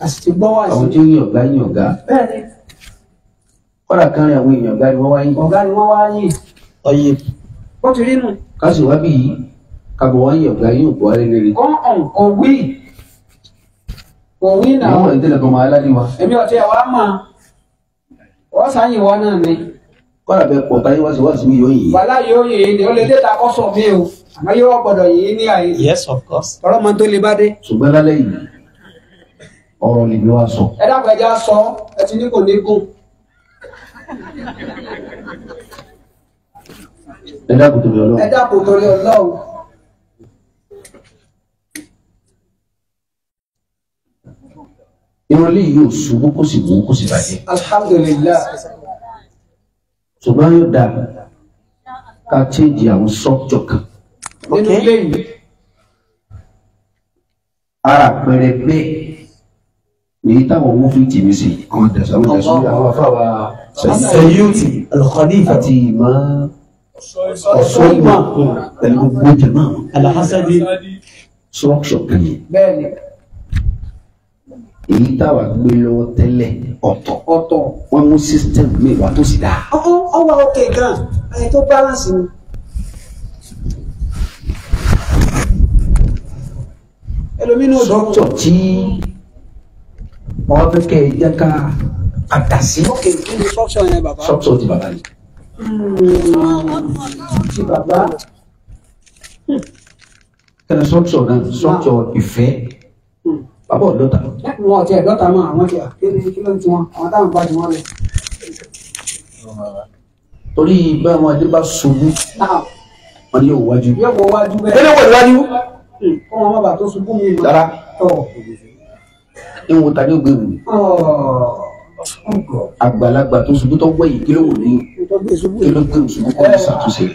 a sì ti gbọ́ wá sí. àwọn tí ó yàn ọ̀gá yàn ọ̀gá. bẹ́ẹ̀ni. kọ́dà kan rìn àwọn èèyàn ọ̀gá ni wọ́n wá yìn. ọ̀gá ni wọ́n wá yìn. ọyẹ. wọ́n ti rí nù. káṣí wá bí yìí kàbọ̀ wá yàn ọ̀gá yàn ọ̀gá wálé lére. kọ́ ọ̀n kò wí. kò wí náà. ìwọ̀n ìtẹ̀lẹ̀ kan máa ládé wa. èmi ọ̀tí ẹ̀ wá mọ̀ wọ́n sáyìn wá náà ni. kọ́dà bẹ́ẹ̀ pọ̀ káyé wá sí wá sí mi yóò yìí. wàhálà yóò yìí ni ó lè dé o àmọ́ yóò gbọ́dọ̀ yes of course. ọlọ́mọ tó le bá dé. ṣùgbọ́n lálẹ́ yìí ọ̀rọ̀ níbi wá sọ. ẹ dákun ẹja sọ ẹ ti ní kò ní gùn. ẹ dákun torí Ọlọ́run. ẹ dákun torí Ọlọ́run. irun lè yóò ṣubú kó sì wú kó sì bàjẹ́. alhamdulilayi. ṣùgbọ́n yóò dà ká chéjì àwọn sọ́jọ́ kan. nínú ilé yìí. ara pẹrẹ bẹ́ẹ̀ èyí táwọn owó fi tì mí sí àwọn tẹsán tẹsán àwọn afáwa sẹyúùtì alkhalifa àti ìmọ̀ ọ̀ṣọ́ ìmọ̀ pẹ̀lú gbogbo jẹ̀mọ́ àwọn. alahasadi structure kan yẹn. bẹ́ẹ̀ni. èyí táwa gbé lọ́wọ́ tẹ́lẹ̀ ọ̀tọ̀ ọ̀tọ̀ wọn mú system mi wà tó sì dáa. ọkọ ọwọ òkè gan àyè tó balance ni. ẹlòmínú ọdọ. structure tí wọn fẹ́ kẹ́ ẹ jẹ́ ká àdásí. ok kí ni sọ́kṣọ̀ yẹn bàbá. sọ́kṣọ̀ ti bàbá yìí. ti bàbá kẹ́ni sọ́kṣọ̀ náà sọ́kṣọ̀ ìfẹ́ bàbá ò lọ́ta. wọn ò tiẹ̀ lọ́ta mọ́ àwọn tiẹ̀ kí ni kí ló ń ti wọn àwọn táwọn bá ti wọn lọ. torí bá wọn ẹni bá ṣubú ah. wọn yóò wájú. yóò wọ wájú bẹ́ẹ̀. kí ló wọ ìwájú. Hmm, kó wọn má bàa tó ṣubú mi. rárá ń wo ta ní ògbé wù. àgbàlagbà tó ṣubú tó wẹ̀ yìí kí ló wò ní kí ló gbé òṣùbù kọ́ ní ṣàtúnṣe.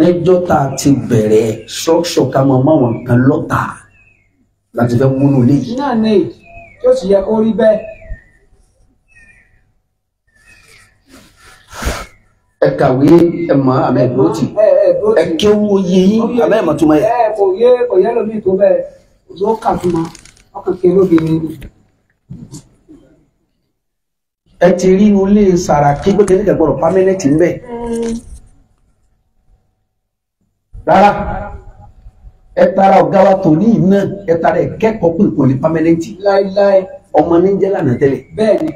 lẹ́jọ́ tá a ti bẹ̀rẹ̀ ṣọ́ọ̀ṣọ̀ ká máa máwọn kan lọ́tà láti fẹ́ múnú léyìí. náà ní yóò sì yẹ kó rí bẹ́ẹ̀. ẹ kàwé ẹ mọ àmọ́ ẹ dúró tì ẹ kéwú oyè yín àmọ́ ẹ mọ túmọ̀ yẹ. ẹ kò yé kò yẹ lómi tó bẹ́ẹ̀ ló kà fún ma ọkàn kí lóbìnrin ni. ẹ ti rí ilé sàràkí gbẹgẹdẹ gbọdọ pámẹnẹtì ńbẹ rárá ẹ tara ọgá wa tó ní ìná ẹ tara ẹ kẹ́kọ̀ọ́ pé kò lè pámẹnẹtì ọmọ níjẹ lánàá tẹ́lẹ̀. bẹ́ẹ̀ni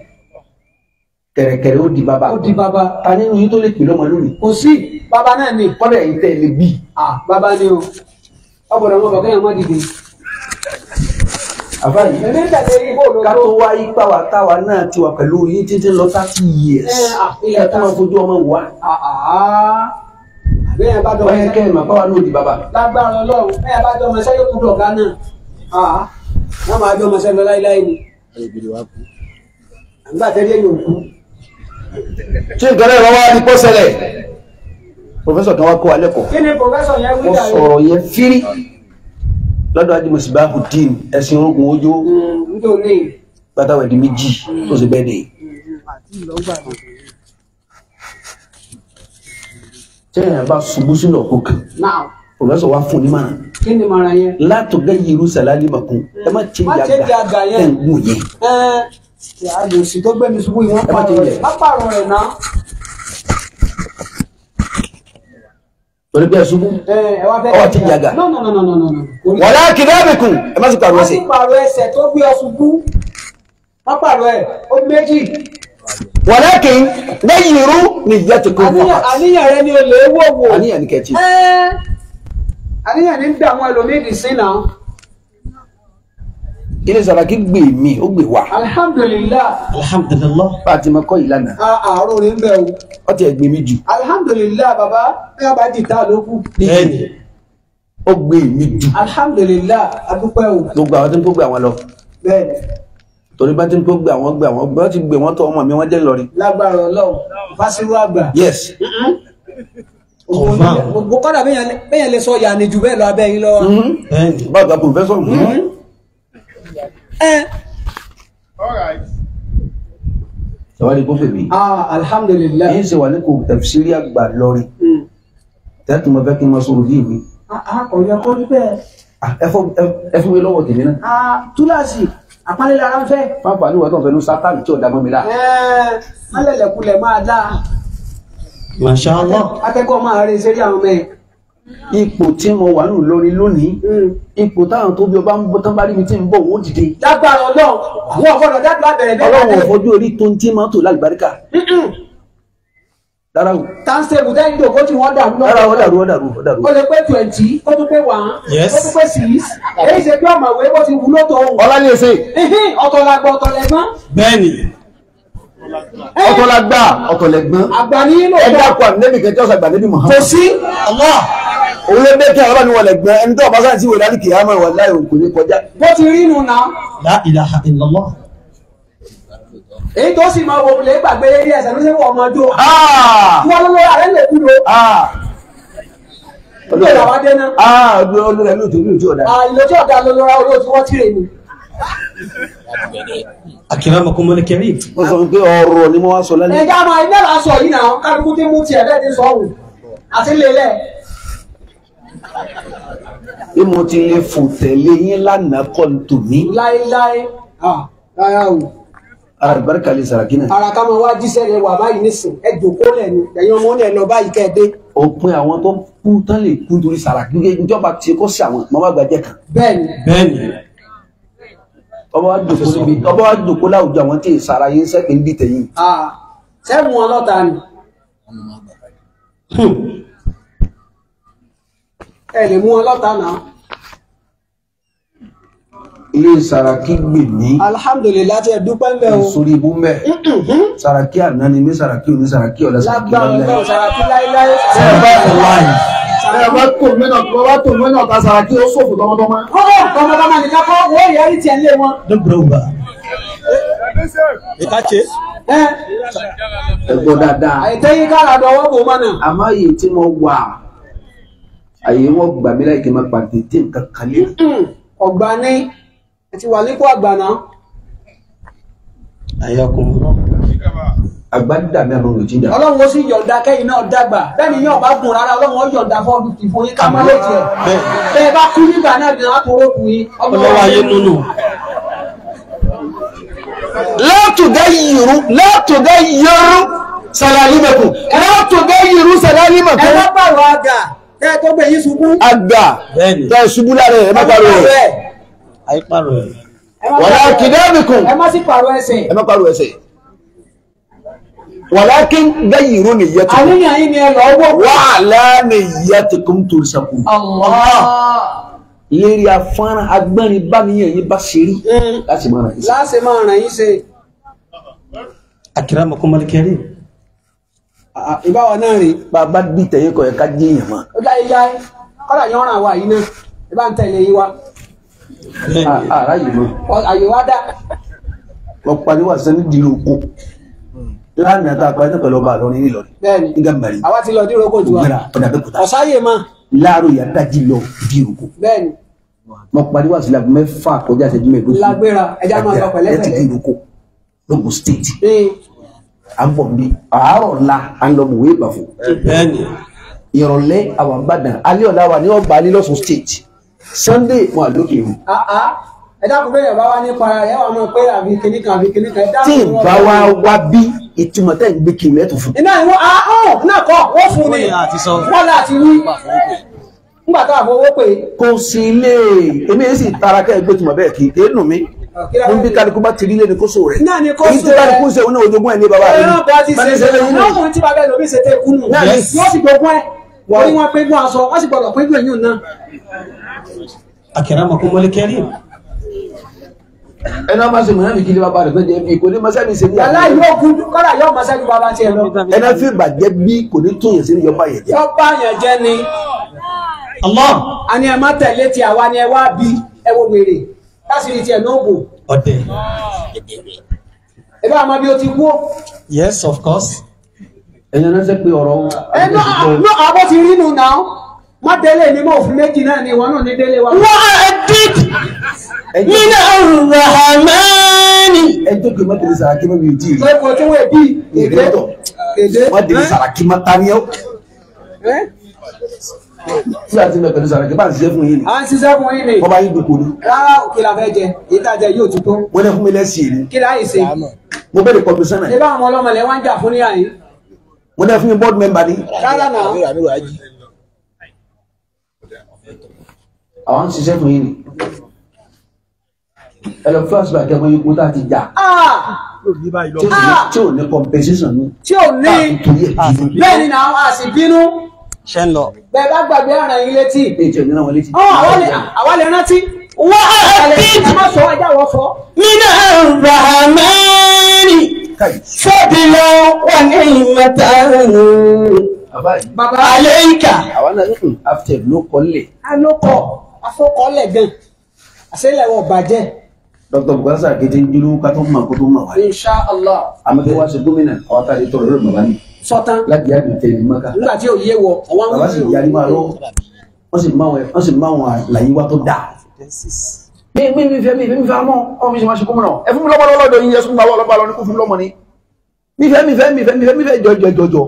kẹ̀rẹ̀kẹ̀rẹ̀ ó di bàbá. ó di bàbá ta nínú yín tó lè pè lọ́mọ lónìí. kò sí bàbá náà ni kọ́dà yìí tẹ̀ lé bí. bàbá ni o ọgbọ̀dọ̀ ọmọ bàbá yẹn má dìde. àbáyé ká tó wá ipa wa táwa náà ti wà pẹ̀lú yín títí lọ thirty years. ẹ tó máa fojú ọmọ wá. bẹ́ẹ̀ bá dọ̀mọ sẹ́yìn kẹ́hìn mà báwa náà di bàbá. lágbára Ọlọ́run bẹ́ẹ̀ bá dọ̀mọ sẹ́yìn kú dọ̀gá náà wọ́n máa dọ̀mọ sẹ́yìn lọ láíláí ni. àgbàtẹ́lẹ́ yóò tí nǹkan náà wọ́n wá ní pọ́ ṣẹlẹ̀ pòfẹ́sọ̀ kan wá kó alẹ́ kọ̀ ó sọ̀rọ̀ yẹn fírí lọ́dọ̀ adimọ̀sí bá hùdín ẹ̀sìn ogun ojó mm, pátáwẹ̀ di méjì mm. tó sì bẹ́ẹ̀ dé. tẹ́yìn bá ṣubú sínú ọ̀kọ́ kan pòfẹ́sọ̀ wá fún onímọ̀ látọ̀gẹ́ yìí rúṣàlá lè mọ̀kún ẹ má ti àgà ẹ̀ ń gùn yẹn àlòsí tó gbẹ̀mí ṣubú yìí wọ́n pààrọ̀ rẹ̀ má pààrọ̀ rẹ̀ náà. torí bí ẹ ṣubú eh, ọ ti jàgà wọ́n lá kí bẹ́ẹ̀ mi kùn ẹ má sì pààrọ̀ ẹsẹ̀. má sì pààrọ̀ ẹsẹ̀ tó gbé ọ ṣubú má pààrọ̀ ẹ ó méjì. wọ́n lá kí lẹ́yìn irú ni ìyá ti kún fún àníyàn rẹ ni olè wò wò. àníyàn ni kẹ́ẹ̀tì. Eh, àníyàn ni ń dààmú ẹlòmíì dì sí náà ilé Sàràkí gbè mí ó gbè wá. alhamdulilah. alhamdulilah. bá a ti mọ kọ́ yìí lánàá. àárọ̀ rẹ̀ ń bẹ̀ o. ó ti ẹ̀ gbé mi jù. alhamdulilah baba bí a bá ti ta ló kù. bẹ́ẹ̀ni ó gbé mi jù. alhamdulilah adúpẹ́ o. gbogbo àwọn tó ń gbogbo àwọn lọ. bẹ́ẹ̀ni torí bá ti ń kó gbé àwọn gbé àwọn gbé wọn ti gbé wọn tọ ọmọ mi wọn jẹ lọrin. lágbára Ọlọ́run fásiru àgbà. yes. gbogbo kọ́dà bẹ́yẹn lè sọ yànnì jù bẹ́ẹ̀ lọ abẹ́ yín lọ́wọ́. báwo la professor. Mm-hmm sọwádìí eh. kó fèmí. Ah, alhamdulilayi. yín ṣe wà ní kò tafsiri àgbà lọrin. Hmm. tẹ́tù mo fẹ́ kí n máa sọ̀rọ̀ yìí mi. Ah, ah, kò yẹ kó rí bẹ́ẹ̀. ẹ fún mi lọ́wọ́ tèmi náà. túláàsì àpálẹ́lẹ́ ara ń fẹ́. pápá ni wọ́n tó ń fẹ́ ní sátánì tí ò dàgbọ́n mi rà. ẹ́ẹ́ eh, mọ́lẹ̀lẹ̀kulẹ̀ máa dáa. masha Allah. akẹ́kọ̀ọ́ máa rẹ̀ ṣeré àwọn mẹ́rin ipò tí mo wà nù lórí lónìí hmm. ipò táwọn tó bí ọba ń bọ tán bá rí mi tí ń bọ owó dìde. lágbára Ọlọ́run àwọn ọfọdọ dágbà bẹ̀rẹ̀ bẹ́ẹ̀ bẹ́ẹ̀. Ọlọ́run ọfọjú orí tó ń tí mọ́tò lálùbáríkà. rárá o. tansebu dẹ́yìn tó kó tí wọ́n dàrú náà. rárá o dàrú o dàrú o o lè pé twenty kó tó pé one. yes kó tó pé six. èyí ṣe bí ọmọ ìwé bó ti wúlò tó. ọlá ni èsè. ọ̀tọ̀ la gbọ́ ọ̀tọ̀ lẹ́gbọ́n. bẹ́ẹ̀ni ọ̀tọ̀ la gbà ọ̀tọ̀ lẹ́gbọ́n. àgbà ní ìlú ọ̀tọ̀. ẹ dákun àmì nẹ́bì kẹjọ́ sàgbà nẹ́bì mọ̀ òun ló dé kí àwọn ọlọ́ni wọlé gbọ́n ẹni tó ọba sáà sí ìwé lálẹ́ kìí àmọ́ ìwọ̀n láì òkú ní kọjá. bó ti rí nu náà. la ilaha illallah. èyí tó sì máa wò lè gbàgbé eré ẹsẹ̀ ló ṣe wọ ọmọ ọdún. Ah! wọ́n ló lọ àrẹ lè kú lo. olùdó làwọn dé náà. olùdó rẹ lóòótọ́ olóòótọ́ ọ̀dà. ìlòjọ́ ọ̀dà ló ah, lọ́ra olóòótọ́ wọ́n tìrè ni. akirama kò mọlẹ kẹrin. wọ́n sọ pé ọ̀rọ̀ ni mo wá sọ lálẹ́. ẹ̀jẹ̀ àmọ́ ẹ̀ bí mo ti lè fò tẹ̀lé yín lánàá kọ́ ń tò mí. láéláé ah. rárá lè sàràkí náà. ara ká máa wá jíṣẹ́ rẹ̀ wà báyìí nísìn ẹ jòkó lẹ̀ ni ẹ̀yin ọmọ ní ẹ lọ báyìí kẹ́ ẹ dé. òpin àwọn tó kú tán lè kú nítorí sàràkí ìjọba ti kó sí àwọn màmá gbajẹ kan. bẹ́ẹ̀ni. bẹ́ẹ̀ni. ọba wa jòkó níbi ọba wa jòkó láwùjọ àwọn tí sara yín sẹ́kẹ̀ ń dìtẹ̀ yìí. ọlọ́ta ni. Hmm ẹ lè mú wọn lọ́ta náà. ilé Sàràkí gbè mí. alhamdulilayi ti ẹ dúpẹ́ mbẹ́ o. sórí ibú mbẹ́. Mm, mm, mm. Sàràkí àná ni mi Sàràkí òní Sàràkí ọ̀la Sàràkí lọ́lẹ̀. lágbàá mbẹ́ Sàràkí láíláí. ṣé ẹ bá ẹ wá yìí ẹ bá tó mẹ́nà tó bá tó mẹ́nà ta Sàràkí ó ṣòfò tọmọtọmọ. kọ́kọ́ tọmọtọmọ nìkan kọ́ wọ́n yẹ ẹni tiẹ̀ lé wọn. dókítà ó bá. ìkàtse ẹ gbọ́ dáadáa. àìtẹ́yìn kára dọ̀wọ́ bò mọ́nà. àmọ́ yìí tí mo wà àyè wọn gbà mí láì kí n máa pàdé dé nǹkan kan lé. ọ̀gbà ni ẹ ti wà nípò àgbà náà. àyàkùn àgbà dà mí àmọ́ òjì dà. ọlọ́run ó sì yọ̀ǹda kẹ́yìn náà dàgbà bẹ́ẹ̀ ni yóò bá gùn rárá ọlọ́run ó yọ̀ǹda fọ́ fìfì fún yín ká má lè jẹ. bẹ́ẹ̀ bá kú nígbà náà bí wọ́n kóró kù yín. ọlọ́wọ́ ayé lónìí látùgáyìrú látùgáyìrú sàlálímẹ̀kù látùgáyìrú sàlálímẹ̀kù. ẹ lọ́pàá wàá gà tẹ́ tó gbé yín ṣubú. àgbà tẹ́ ṣubú lára ẹ̀ má parọ́ ẹ̀ àyè parọ́ ẹ̀ wàlá kìdẹ́bìkùn ẹ má sì parọ́ ẹsẹ̀ ẹ má parọ́ ẹsẹ̀ ni yẹ tukun àníyàn ni yẹ tukun tó sẹ́kù lérí afárán agbẹ́rin bá mi yẹn yín bá ṣe mm. láti máa ràn yín ṣe. akérè àmọ́kọ́ malikẹ́rì. Ah, ah, ìbáwọ̀ náà rè. bàbá bí tẹ̀yìn kọ̀ yẹ ká jẹ́ èèyàn mọ́. ó dá ilé ayé kọ́dà yẹn ràn wá yìí náà ìbá ń tẹ̀lé yìí wá. ara ah, yìí mọ. àyè wá dá. wọ́n parí wà sẹ́ni di oko lánàá tá a parí náà pẹ̀lú ọba àlọ́rin nílọrin. bẹ́ẹ̀ni nígbà mẹ́rin. àwa ti lọ dín oko jù wa. ọ̀sáyè mọ́. láàárọ̀ ìyá dájí lọ dín oko. bẹ́ẹ̀ni mo parí wá sí lagun mẹ́fà kọjá ìṣẹ́jú mẹ́ẹ̀ẹ́dógún. lágbéra ẹja máa lọ pẹ̀lẹ́pẹ̀lẹ́. ẹ state à ń bọ̀ bí àárọ̀ la à ń lọ mọ̀ wéé bàfọ̀ ìrọ̀lẹ́ àwọn àbàdàn alẹ́ ọ̀la wà ní ọgbà nílọ́sùn state sunday wọn àlókè o. Ah, ah. ẹ dákun bẹ́ẹ̀ bá wá nípa ẹ wà mọ̀ pé àbí kinní kan àbí kinní kan ẹ dákun. tí n bá wá wá bí ìtumọ̀ tẹ́ ń gbé kiri ẹ̀ tó fún. iná ìwọ ahọ́n oh, náà kọ́ wọ́n fún ni wọ́n láti wí nígbà tá a fọwọ́ pé. kò sí ilé èmi èsì tara kẹ́ ẹ gbé tuma bẹ́ẹ̀ kì í nù mí mo bí kálukú bá tìrí lé ní kóso rẹ̀ náà ní kóso rẹ̀ ìtura ní kóso òun náà òjògùn ẹ̀ ní bàbá rẹ̀ báyìí ṣe lè wúlò náà tí bàbá ẹ̀ lómi ṣe tẹ́ kúnnù náà ní wọ́n sì gbogbo ẹ̀ wọ́n wọ́n pé gbọ́ aṣọ wọ́n sì gbọ́dọ̀ pé gbọ́ ẹ̀yìn náà. akẹ́rẹ́ àmọ́kú mọ́lẹ́ kẹ́rì ẹnu ọmọ sọ mọ̀nà nìkiri bàbá rẹ̀ lọ́jọ́ bí kò ní mọ́sálì ṣe bí i. aláì yóò kú kọ́lá yóò mọ́sálì bàbá ṣe lọ. ẹnu fi bàjẹ́ bí kò ní tún yẹn sí ní yọba yẹn jẹ. yọba yẹn jẹ ni. Allah. àni ẹ má tẹ̀lé ti àwa ni ẹ wá bí ẹ wo wèrè láṣìírí tiẹ̀ ló ń bò. ọ̀dẹ̀. ẹ bá a máa bí o ti kú. yes of course. ẹ̀yin náà ṣe pé ọ̀rọ̀. ẹ náà àbọ̀ ti rí nù náà má délé ni mo fi méjì náà ni ìwọ náà ní délé wa. wọ́n á dìd nínú ọ̀rọ̀hámánì. ẹ tó kí n má délé sàràkí má mi ò tí ì kò tó wẹ̀ bí èdè. èdè. má délé sàràkí má tani ẹ́ tí a ti mẹ pẹ̀lú sàrẹ̀kẹ́ bá ń ṣiṣẹ́ fún yín ni. à ń ṣiṣẹ́ fún yín ni. wọ́n bá yín dùn kò rárá òkè la fẹ́ jẹ èyí jẹ yóò ti tó. fún mi lẹ́sìn yìí. kí láyé ṣe. mo bẹ̀rẹ̀ kọ́ pẹ̀sán náà. ṣé báwọn ọlọ́mọ lẹ wá ń jà fún níyà yìí. wọ́n lè fún mi board member ni. rárá náà. àwọn ń ṣiṣẹ́ fún ni. ẹ lọ fúlọ́ọ̀sì bàtẹ́ wọ́n kó tá a ti jà ah! Ah! tí ò ní compensation ni. tí ò ní bẹ́ẹ̀ ni a sì bínú ṣe ń lọ. bẹ́ẹ̀ bá gbàgbé ara yín létí. ètò ìnira wọn létí. àwa lè rántí. wà á bíi mina rahmani fadila wa ni'matan. baba aleika. àwa náà ń hmm, after ló kọ́ lẹ̀. a ló kọ́ afọ́kọ́lẹ̀ gan-an àṣẹlẹ̀ wọ̀ bàjẹ́ dr bukasa kete njulu ka tó ma kó tó ma wa. insha allah. amadu wa se gómìnà àwọn ta de tọrọ lórí baba ni sọ́tán. láti yára tẹ ẹni mọ́ká. nígbà tí òye wọ ọwọ́ àwọn ọmọ ìyá ni wà lọ wọ́n sì máa wọ́n sì máa wọn àlàyé wa tó dáa. mi mi mi fẹ́ mi mi fẹ́ mọ́ ọmọ mi sì máa ṣe kúmọ̀ náà ẹ fún mi lọ́mọ lọ́dọ̀ yín yẹ sún gbàwọ́ ọlọ́pàá lọ ní kó fún mi lọ́mọ ni. mi fẹ́ mi fẹ́ mi fẹ́ mi fẹ́ mi fẹ́ jọjọ jọjọ.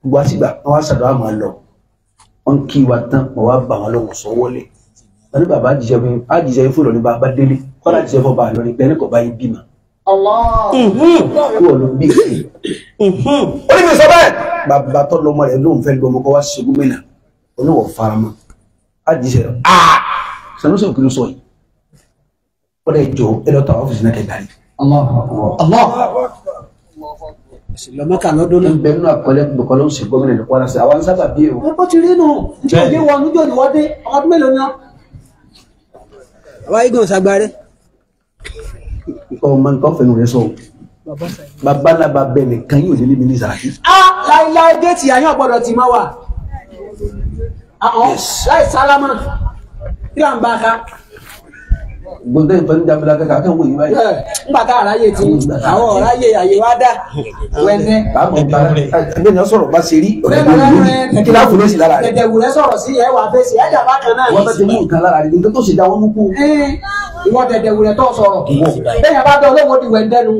gbogbo àtìgbà wọn wá sàdọ́ àmọ́ lọ wọn kí wa tán wọn wá bà wọn lọ́wọ́ sọ wọlé. wọn àjíṣẹ́ fún àjíṣẹ́ bá délé kọ́lá àjíṣẹ́ fún ọba ìlọrin pẹ́ẹ́nì kọ́ bá yín bímọ Mhm. kúrò ló bí ìsìn mhm. ó ní mi sọ bẹ́ẹ̀ bàbá tó lọ́mọ rẹ̀ lóun fẹ́ lọ́mọ kó wá ṣe gómìnà oníwọ̀ farama á di ìṣẹ̀lẹ̀ aa sanusi òkè ló sọ yìí ó lè jọ ẹ lọ ta ọ́fíìsì náà kẹgbàá yìí. lọ́mọ kàná dóná. bẹ́ẹ̀ nínú àkọlẹ́ gbọ̀kọ́ ló ń ṣe gómìnà ní kwara sí àwọn sábà bí o. ẹ kọ́ ti rí nù níjọ́ ìdí wa níjọ́ ìdí wa dé ọmọdún mélòó ni wọ́n. wáyé gbọ̀nsá gbarẹ́ nǹkan ọmọ nǹkan fẹnu rẹ sọ o babalaba bẹ nìkan yóò délé mi ní sàràkí. a láìláì déètì àyàn gbọ́dọ̀ tì máa wà láì sálámà kí là ń bá a ká gbọ́dọ̀ ìtọ́ ní jamila kẹkẹ akẹ wo yìí báyìí. Eh, ngbà tá àráyè ti àwọn ọ̀ráyè àyè wa dá wẹnẹ. báwo ba ẹgbẹ́ ni wọ́n sọ̀rọ̀ bá ṣe rí ọ̀rẹ́ mi lórí kí láàfù ló sì lára rẹ̀. tẹ̀tẹ̀ wùrẹ́ sọ̀rọ̀ sí ẹ̀ wà fèsì ẹ̀ jà bákan náà. wọ́n bá ti mú nǹkan lára rẹ̀ nígbà tó ṣe dá wọn mú kú. Eh, ìwọ tẹ̀tẹ̀ wùrẹ́ tó sọ̀rọ̀ bẹ́ẹ̀ bá dán olówó di wẹ̀ndẹ́nu.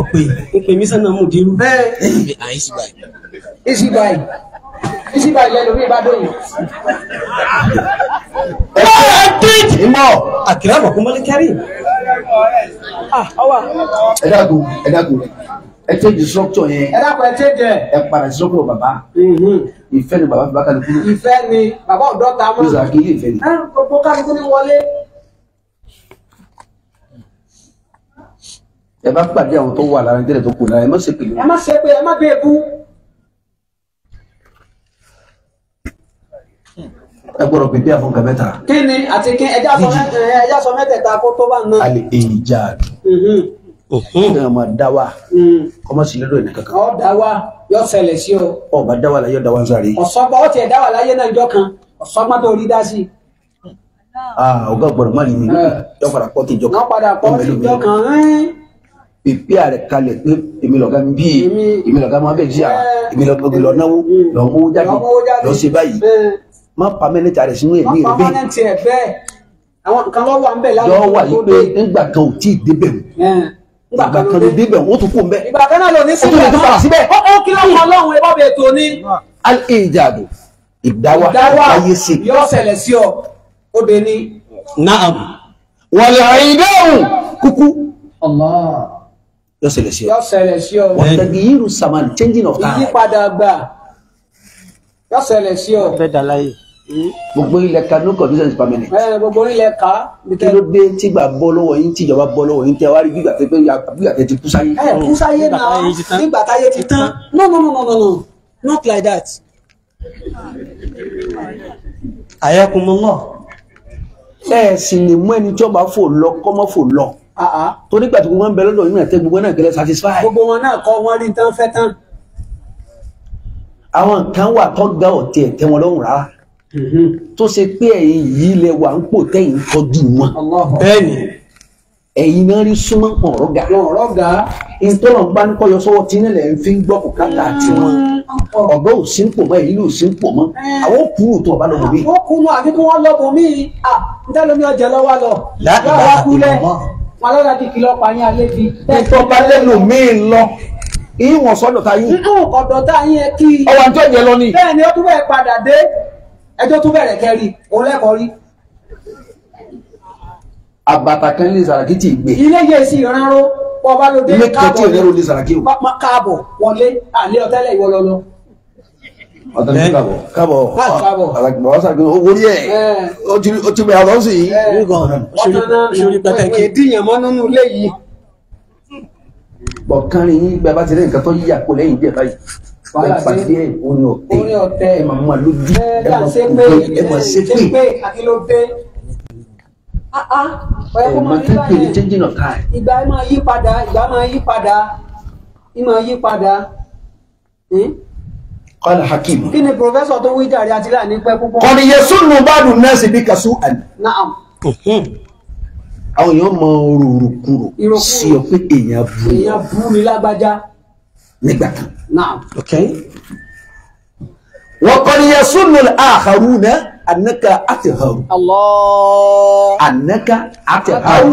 ọ̀pẹ̀ ìpèmísàn náà mú dirú. bẹ́ẹ̀ ìsì báyìí títí bàjẹ́ lómi bá dóyè. báyà díj. ìmọ̀ àkìrá àbọ̀kú mọ́lẹ́ kẹ́rì. Ah, ẹ dàgbò ẹ dàgbò ẹ tẹ́jú structure yẹn. ẹ dàgbò ẹ tẹ́jú ẹ. ẹ padà sí structure bàbá. Mhm. ìfẹ́ ni bàbá fi bá kálukú. ìfẹ́ ni bàbá ọ̀dọ́ ta mọ́. ìzà kìí ìfẹ́ ni. Ah, gbogbo kálukú ni wọlé. ẹ bá pàdé àwọn tó wà lára ẹni tẹ́lẹ̀ tó kù náà ẹ má ṣe pè é. ẹ má ṣe pé ẹ má bẹ́ẹ̀ bú. ẹ gbọ́dọ̀ pèpè àfọ̀nkà mẹ́ta. kí ni àti kí ẹja sọ mẹ́tẹ̀ẹ̀ta kó tó bá ná. a lè èyí jáde. ẹ máa dá wa mhm. kọ́mọ sí lérò ẹ̀nìkan kan. ọ dá wa yọ ṣẹlẹ̀ sí o. ọ bá dá wa láyé ọ dá wa ń sáré. ọ̀sọ́gbọ́n ó tiẹ̀ dá wa láyé náà jọ kan ọ̀sọ́gbọ́n tó rí dá sí i ọgá gbọ́dọ̀ má lè mi eh. yọ padà pọ tí ìjọ kan padà pọ tí ìjọ kan eh. pèpè àrẹ kalẹ̀ pé èmi lọgá mi bíi èmi lọgá mi abẹ jíà eh. èmi lọgá mi lọ náwó hmm. lọ mú jáde lọ ṣe báyìí má permanent rẹ̀ sínú ẹ̀mí rẹ̀ bẹ́ẹ̀. má permanent rẹ̀ bẹ́ẹ̀ àwọn nǹkan lọ́wọ́ à ń bẹ̀ láwùjọ tó lè. lọ́wọ́ yìí pé ńgbà kan ò tí ì débẹ̀ mu ńgbà kan ló débẹ̀ mu ó tún kú mbẹ́. ìgbà kan náà ló ní síbẹ̀ náà ó kí lọ́kọ̀ ọlọ́run ẹ̀bọ́ bẹ̀ tó ní. al-ijadu ìdáwà àyè sí. yóò ṣẹlẹ̀ sí ọ ó de ní. naam wàlẹ̀ àyíndéhùn kúkú. yóò ṣẹlẹ̀ sí ọ. yóò ṣẹlẹ̀ sí ọ. wọ́n tẹ̀gì yìí rú saman changing of time. ìyípadà gbà yọ ṣẹlẹ̀ sí ọ. abẹ́ dala yìí. gbogbo ilẹ̀ ka no condition is permanent. ẹ gbogbo ilẹ̀ ka. kí ló dé tí gbà bọ́ lọ́wọ́ yín tí ìjọba bọ́ lọ́wọ́ yín tẹ wá rí gbígbà tẹ pé gbígbà tẹ ti kú sáyé. ẹ kú sáyé náà nígbà táyé ti tán no no no no no no not like that. àyẹ̀kùnmọ́lọ́ ẹ sì lè mú ẹni tí ó bá fò lọ kọ́ mọ́ fò lọ. Ah, ah. torí gbàtí gbogbo wọn bẹ lọ́dọ̀ yín náà tẹ gbogbo náà kẹlẹ́ satisfy. gbogbo wọn náà kọ́ wọn rí tán fẹ́ tán àwọn nǹkan wà tọ́gbà ọ̀tí ẹ̀ tẹ́ wọn lọ́rùn rárá mm-hmm. tó ṣe pé ẹ̀yin yìí lẹ wà ń pò tẹ́yìn tọ́jú wọn bẹ́ẹ̀ni ẹ̀yin náà rí súnmọ́ pọ̀n rọ́gà rọ́gà ìtọ́lọ̀ ń bá ní kọ́yọ sọ́wọ́ tí nílẹ̀ ń fi ń gbọ́ bùkátà tiwọn ọ̀gá ò sí ń pò mọ́ èyí ló sí ń pò mọ́ àwọn òkúrò tó ọba lọ́mọ mi. ó kunu àbí kí wọ́n lọ́mọ mi à ń tẹ́lẹ̀ mi ọjà lọ́wọ́ lọ láti bá a kú lẹ̀ wọn lọ́dà kìkì lọ́pàá ní alẹ́ bíi. ìtọ́ba lẹ́nu mi lọ ìwọ̀n sọ́dọ̀ ta yín. ọ̀dọ̀ ta yín ẹ kí. ọwọ́ àti ọ̀jẹ̀ lọ ni. bẹ́ẹ̀ ni ó tún bẹ̀rẹ̀ padà dé ẹjọ́ tún bẹ̀rẹ̀ kẹrin òun lẹ́kọ̀ọ́ rí. àbàtà kan lè sàràkí tì í gbé. ilé yẹ sí ìránró wọn bá ló dé káàbọ̀ ilé kẹtì sàràkí o. káàbọ̀ wọlé àlẹ́ ọ̀tẹ́lẹ̀ ìwọ lọ lọ. ọ̀tẹ́lẹ̀ káàbọ̀ káàbọ̀ àlàkùnbọ̀ ọ̀sàkùn owó rí ẹ̀ ó ti bẹ̀rẹ̀ lọ́sìn yìí ọ̀kan rìn yín gbàgbà tẹ̀lé nǹkan tó yíyà kó lẹ́yìn díẹ̀ báyìí wàhálà pàdé ẹ̀ oní ọ̀tẹ̀ oní ọ̀tẹ̀ ẹ̀ máa máa lójú ẹ̀ máa ṣe pé ẹ̀ máa ṣe pé àkìlódé ẹ̀ máa kéèké ní changing of time. ìgbà máa yí padà ìgbà máa yí padà ìmọ̀ yí padà. Kọ́lá Hakim. Kí ni pòfẹ́sọ̀ tó wí jàre àti láàánú pẹ́ púpọ̀? Kọ́ni Yesu nù bá dùn nẹ́ẹ̀sì bí kàṣú àná. Naam àwọn èèyàn mọ oròrò kúrò sí ọ pé èèyàn bú èèyàn bú mi lágbájá nígbà kan wọ́n kọ́ ni yasunnu al-akharuna annaka atharu annaka atharu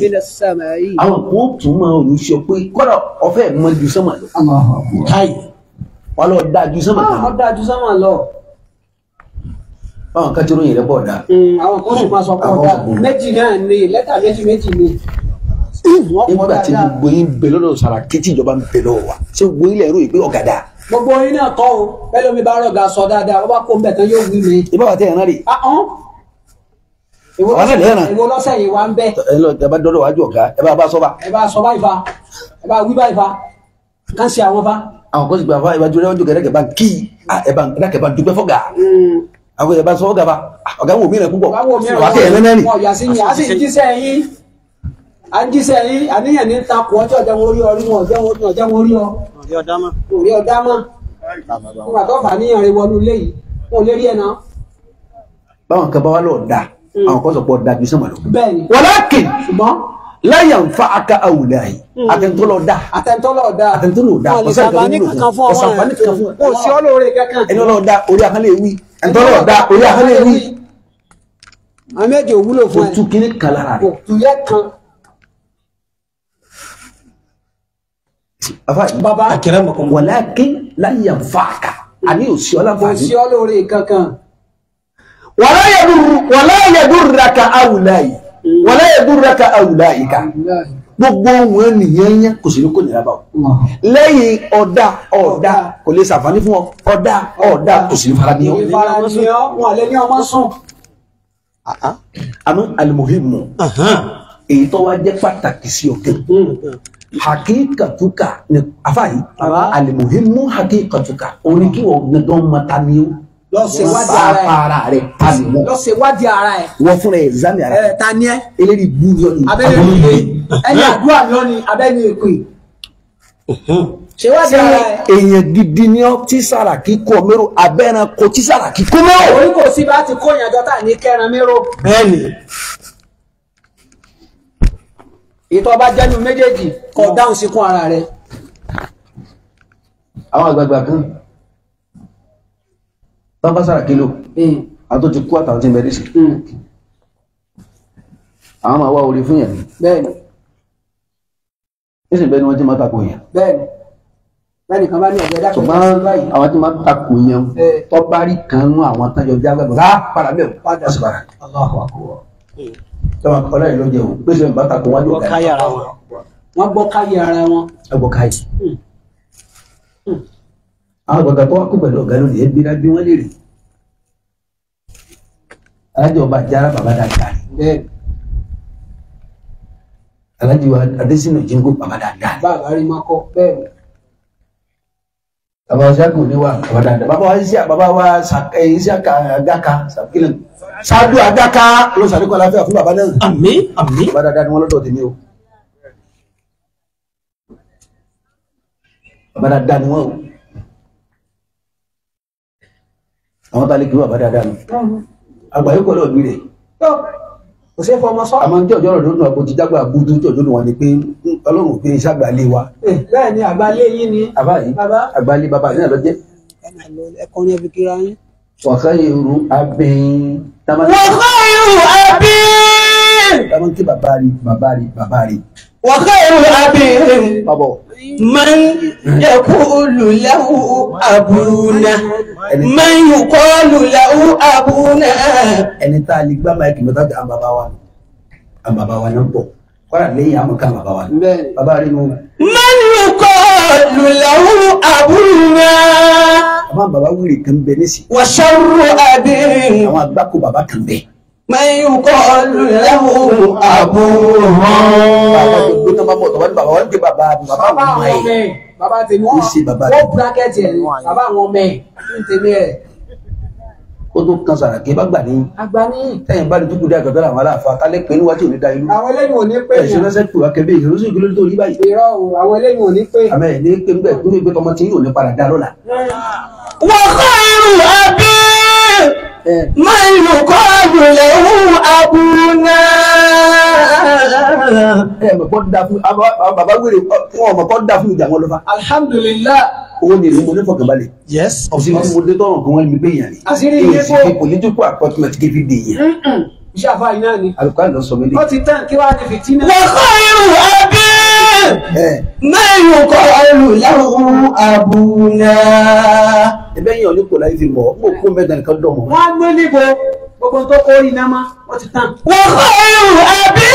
mina samai àwọn kan tún máa ń sọ pé kọ́dọ̀ ọ̀fẹ́ mọ́ ju sánmà lọ káyì wọ́n lọ dáa ju sánmà lọ báwọn kan ti ròyìn rẹ pọ̀ dá. Hmm, àwọn kan sì máa sọ pọ̀ dá méjì náà ni lẹ́tà méjì méjì ni. Hmm, nígbà tí gbogbo yín bẹ lọ́dọ̀ Sàràkí tí ìjọba ń bẹ lọ́wọ́ wa ṣé gbogbo yín lè ròyìn pé ọ̀gá dáa. gbogbo yín náà kọ́ o bẹ́ẹ̀ lómi bá rọ̀gà sọ dáadáa wọ́n bá kó mbẹ̀ tán yóò wí mi. ìbá wa tẹ ẹ̀ràn rè. àwọn sẹ̀ lẹ́yìn náà. ìwọ lọ́sẹ̀ yìí wà ń bẹ́. ẹ lọ ẹ bá dọ́dọ̀ wájú ọ̀gá ẹ bá bá sọ́ba. ẹ bá sọ́ba ìfa ẹ bá wí bá ìfa kàn sí àwọn fa. àwọn kan sì gbà fa ìwájú rẹ wájú kẹrẹkẹ àwọn ìyàbá sọ ọ̀gá bá ah, ọ̀gá wò mìíràn púpọ̀ wà kí ẹ̀rẹ́ mẹ́rin. ọ̀yà sí ni a sì jíṣẹ́ yín a ń jíṣẹ́ yín àníyàn ní takò ọjọ́ ọjọ́ wọn orí ọ dá wọn ọjọ́ wọn orí ọjọ́ wọn orí ọ. orí ọdá mọ́. orí ọdá mọ́. wọn àtọ́ fàníyàn rẹ wọnú ilé yìí wọn ò lè rí ẹ náà. báwọn kan bá wá lọ da hmm. àwọn kan sọ pé ọdá ju sọmọ lọ. bẹ́ẹ̀ni walakin láyà ń fa aka awùlẹ̀ ayé hmm. àtẹ̀ntọ́lọ̀ dá àtẹ̀ntọ́lọ̀ dá àtẹ̀ntọ́lọ̀ dá ọ̀sán ìfọ̀nìkan fún ọ ọ̀sán ìfọ̀nìkan fún ọ ẹni ọlọ́ọ̀dá orí akálẹ̀ ewì ẹ̀ńtọ́lọ̀ dá orí afẹ́lẹ́ rí àwọn méjì òwúlò fún ẹ kò tún kíní kan lára rẹ kò tún yẹ kan. bàbá akẹrẹ mọkọ wọlé kí láyé fàákà àní òsì ọlànfààní. òsì ọlọrẹ kankan. wàlá yẹ dùrù wàlá yẹ dùrù raka awùlá yìí wàlá yẹ dùrù raka awùlá yìí kan gbogbo wọn nìyẹn yẹn kò sí ní kò nira bá ọ lẹ́yìn ọdá ọdá kò lè ṣàǹfààní fún ọ ọdá ọdá kò sí ní fara ní ọ. wọn àlẹ ní ọmọ sùn. àmọ́ alimohimu èyí tó wá jẹ́ pàtàkì sí ọkẹ hmm, hmm. hakikatuka ni afa yi alimohimu hakikatuka orí kí wọn gbẹdọ mọta ni o lọ́sẹ̀ wádìí ara ẹ̀ ara rẹ̀ ta ni wọ́n lọ́sẹ̀ wádìí ara ẹ̀ wọ́n fúnra ẹ̀ zami ara ẹ̀ ta ni ẹ́ eléyìí bú yọ ni abẹ́ni ìlú ẹni àdúrà yọ ni abẹ́ni èkó yìí ṣe ara ẹ̀. èèyàn gidi ni ọ tí Sàràkí kọ mẹ́rọ abẹ́ran kọ tí Sàràkí kọ mẹ́rọ. orí kò sí bá ti kó ìyànjọ tá à ní kẹran mẹ́rọ. bẹ́ẹ̀ni. ìtọ́ bá jẹ́nu méjèèjì kọ dáhùn síkún ara rẹ̀. àwọn àgbààgbà kan tán bá sára kílò àtó ti kú àtàwọn tí ń bẹ dé sí hmm. àwọn máa wá orí fún yẹn bẹ́ẹ̀ni ní sì bẹ́ẹ̀ ni wọ́n ti máa tako yẹn bẹ́ẹ̀ni lẹ́nu kan bá ní ọ̀gá dákẹ́ ṣùgbọ́n àwọn tí máa tako yẹn tó bá rí kan nú àwọn tájọ bí agbẹ́bọ̀ rá padà bẹ́ẹ̀ padà sí padà tọ́wọ́n kọ́lá yìí ló jẹ́ òun pèsè ìbá tako wájú ọ̀gá yìí wọ́n gbọ́ káyé ara wọn àwọn ọ̀gá tó wá kó pẹ̀lú ọ̀gá lónìí ẹbí náà bí wọ́n lè rí alájọ ọba jara bàbá dáadáa bẹ́ẹ̀ alájọ adésínà jíngó bàbá dáadáa bàbá rí máa kọ bẹ́ẹ̀ bàbá ọsàkùn oníwà bàbá dáadáa bàbá wa iṣẹ bàbá wa iṣẹ àgàkà sàkílẹ ṣáájú àgàkà ló ṣàdékọ aláfẹ fún bàbá náà àmín àmín bàbá dáadáa ni wọn lọ́dọ̀ tèmi o bàbá dáadáa ni wọn o. àwọn tá a lè kí bàbá dáadáa nù àgbà yóò kọ́ lọ́ọ̀bí rẹ̀ kò sí fọmọ sọ. àmọ́ ní ọjọ́ ọ̀dọ́ náà kò ti dágbà búdú tí ọjọ́ wọn ni pé ọlọ́run ò pé iṣẹ́ àgbàlẹ̀ wa. bẹ́ẹ̀ ni àgbàlẹ̀ yín ni. àbá yìí àgbàlẹ̀ bàbá yìí náà lọ jẹ́. ẹkọrin ẹbí kíra yín. wàhálà irú abẹ́yìn. wàhálà irú abẹ́yìn. táwọn ń bàbá rí bàbá rí bàbá rí. wàhálà irú abẹ́yìn. bàbá من يقول له أبونا من يقول له أبونا ẹni tá a lè gbá máìkì mọ́tà bí àwọn bàbá wa ni àwọn bàbá wa ni ń bọ̀ kọ́ra lẹ́yìn àwọn kan من يقول له أبونا. àwọn bàbá wúre kan bẹ nísì. وشر أبيه. àwọn àgbákò bàbá kan man yuqalu lahu abu bàbá gbogbo tó máa bọ̀ tọ́wọ́ ní bàbá wọn gbé bàbá bàbá àwọn ọmọ ẹ̀ bàbá tèmi wọn wọ́n bírákẹ́tì ẹ̀ bàbá àwọn ọmọ ẹ̀ ní tèmi ẹ̀. ó tó kan Sàràkí bá gbà ní. àgbà ní. tẹ̀yìn bá dúdú dé àgbàdo àwọn aláàfọ akálẹ̀ pé níwájú òní da irú. àwọn eléyìí ò ní pè yàn. ẹ̀sìn lọ́sẹ̀ kù akẹ́bí ìṣòro sí ìgbélé máa ń lò kọ́ àgùnlẹ̀ òun àbúrúnà. ẹ mọ̀ kọ́ da fún bàbá wèrè wọn mọ̀ kọ́ da fún ìjà wọn lọ́fà. alhamdulillah. owó ni èmi mo ní fọkànbalẹ̀. yes of course. òsì mo dé tọrọ kan wọn mi gbé yàn ni. àṣírí ilé kó èsì political appointment kébi dè yàn. iṣẹ́ àfa iná ni. àlùkò àlọ́ sọ mi lè. wọ́n ti tán kí wàá di fìtínà. lọ́kọ́ irun ẹbí náà yóò kọ́ àlù láwùrú àbùnà ẹgbẹ́ yẹn olùkọ́ láyé ti mọ̀ ọ́ mo kún mẹ́ta nìkan dọ̀ mọ́. wọ́n á gbé níbo gbogbo tó kọ́ iná má wọ́n ti tán. wọ́n kọ́ ẹ̀rù àbí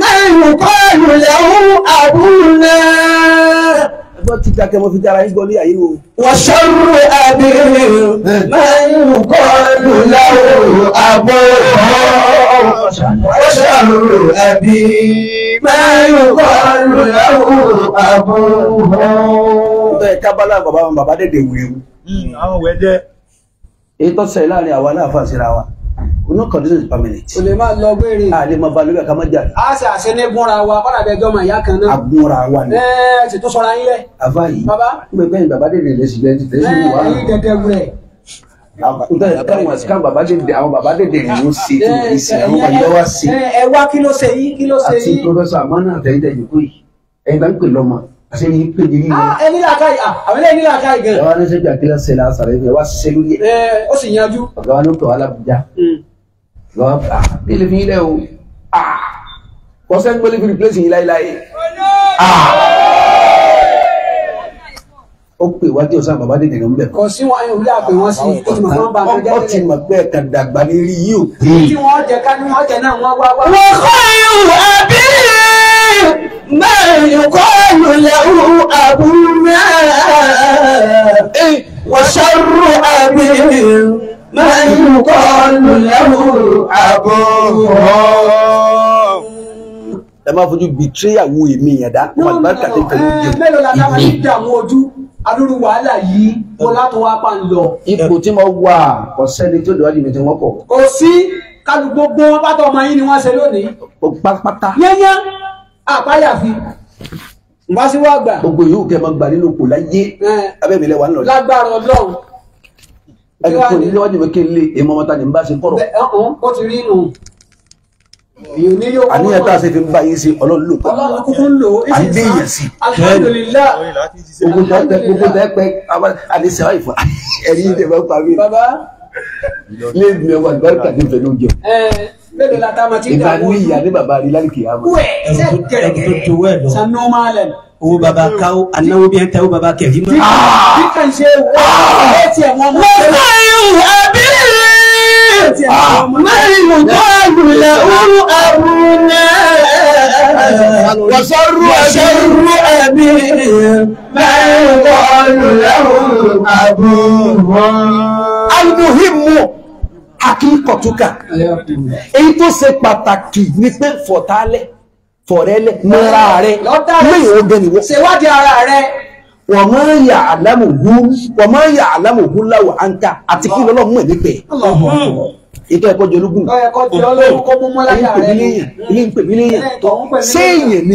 náírù kọ́ ẹ̀rù lẹ́hún àbúrò Ẹgbọ́n ti dákẹ́ mo fi dára yín gbọ́ àyè o. Wọ́n ṣọ́rù àbí náírù kọ́ ẹ̀rù lẹ́hún àbúrò. Wọ́n ṣọ́rù àbí náírù kọ́ ẹ̀rù lẹ́hún àbúrò. Bẹ́ẹ̀ kábàlà bàbá wọn bàbá dèdè wéwu. Mm, àwọn wẹ̀dẹ́. èyí tó sẹ́yìn láàrin àwa náà fà síra wa no condition is permanent. o lè máa lọ gbére. a lè máa ba lórí àkàmọ́ jà. a ṣe àṣẹ ní gúnra wa kọ́nà bẹ jọmọ ìyá kan náà. a gúnra wa ni. ẹẹ ṣètò sọra yín lẹ. àfa yìí baba. n bẹ bẹyìn baba de lè lè sílẹ ti tẹsí wa. ẹẹ yín dẹdẹ wulẹ. n tẹ káwọn kan baba de de àwọn baba de de ninnu se ti ní ìsìn àwọn kan yẹ wa se. ẹ wá kí ló ṣe yín kí ló ṣe yín. àti pọfẹsọ àmọ́ náà tẹ̀yìn yìí ẹ̀yin bá ń pè lọ́mọ. Ah, ah, ṣe ni péjì yìí. ẹni làákà yìí àwọn ẹni làákà yìí gan. àwọn ẹni gbàgbé lọ sẹlẹ àṣàrẹ ìfẹ́ wa ṣiṣẹ́ lórí ẹ. ẹ ó sì yanjú. ọ̀gá wa ló tọ̀ wá lábújá. Hmm. lọ bá ah, bílẹ̀ fi ilẹ̀ o kò sẹ́ni gbọ́dọ̀ fi replace yín láéláé. ó pè wá tí ọ̀sán bàbá dèdè ló ń bẹ̀. kò sí wọn ìwúlẹ̀ àpè wọn sí ó ti mọ̀ fún bàbá jẹ́ ó ti mọ̀ pé ẹ̀ka dàgbà ní rí yìí ò pé. tí wọ́n jẹ ká ní wọ́n jẹ náà wọ́n wá wá. wọ́n kọ́ ìwà bí mẹ́rin kọ́ الإسلام له أبونا وشر أبي من يقال له أبوه ẹ máa fojú bìtíríyàwó èmi yẹn dá wọn àgbà kàtí pẹ̀lú ìjẹ. mélòó la ká máa ń dààmú ojú adúrú wàhálà yìí kó látọ̀ wá pa ń lọ. ipò tí mo wà kò sẹ́ni tó lọ́ọ́ jìbìtì wọn kọ̀. kò sí kálù gbogbo pátá ọmọ yín ni wọ́n ṣe lónìí. pátápátá. yẹ́nyẹ́ àpáyàfi wá sí wá gbà. gbogbo yòówù kẹ́ ẹ máa gbà nínú kò láyé abẹ́mi lẹ́wà ńlọ. lágbára ọlọ́run. ẹni kò ní níwájú mi kí n lé èèmọ̀ ọmọ ta ni n bá ṣe kọ̀rọ̀. ó ti rí nù. àníyàn tá a ṣe fi ń bá yín sí ọlọ́run lò. ọlọ́run kúkú lò ó. à ń gbé èèyàn sí. alhamdulillah. ogun tó ń tẹ gbogbo tó ń pẹ àti sẹ́wà ìfọ ẹ̀yìn ìdẹ̀bẹ̀ pa mí. baba. ilé ìgbìmọ̀ wà lórí kàdé ìfẹ́ ló ń jẹun bẹ́ẹ̀ la taama ti dà wọ́n. ìgbà ní ìyá ní bàbá rí lálẹ́ kìí àmọ́. wẹ́ẹ̀ sẹ́ gẹ̀rẹ́gẹ̀rẹ́ sa nọ́ọ̀mà lẹ̀. owó baba kaw anáwó bí ẹ ta owó baba kẹfì mọ. bí kàn ṣe wọ́n ẹ tiẹ̀ wọ́n mọ́. mo fẹ́ yóò abiri mẹ́rin mo tọ́ àgùlẹ̀ òru àbúrúnẹ́. Wàṣọ́rú ẹ̀ṣọ́rú ẹ̀mí mẹ́rin kọ́ ọ̀lù lẹ́hùn àbúrò. Alimuhimu akíkọ̀túkà èyí tó ṣe pàtàkì ni pé fọ̀tálẹ̀ fọ̀rẹ́lẹ̀ mọ́ra rẹ̀ lẹ́yìn ogun ìwọ. ṣèwádìí ara rẹ̀. wọ́n máa ń yà àlámù hu wọ́n máa ń yà àlámù hu láwọ̀ àǹkà àti kí lọ́lọ́ mú ẹ̀mí pẹ̀. ìkẹ́ ẹ̀kọ́ jẹ ológun. ẹ̀kọ́ jẹ ológun kó mú mọ́láyà rẹ̀ ni.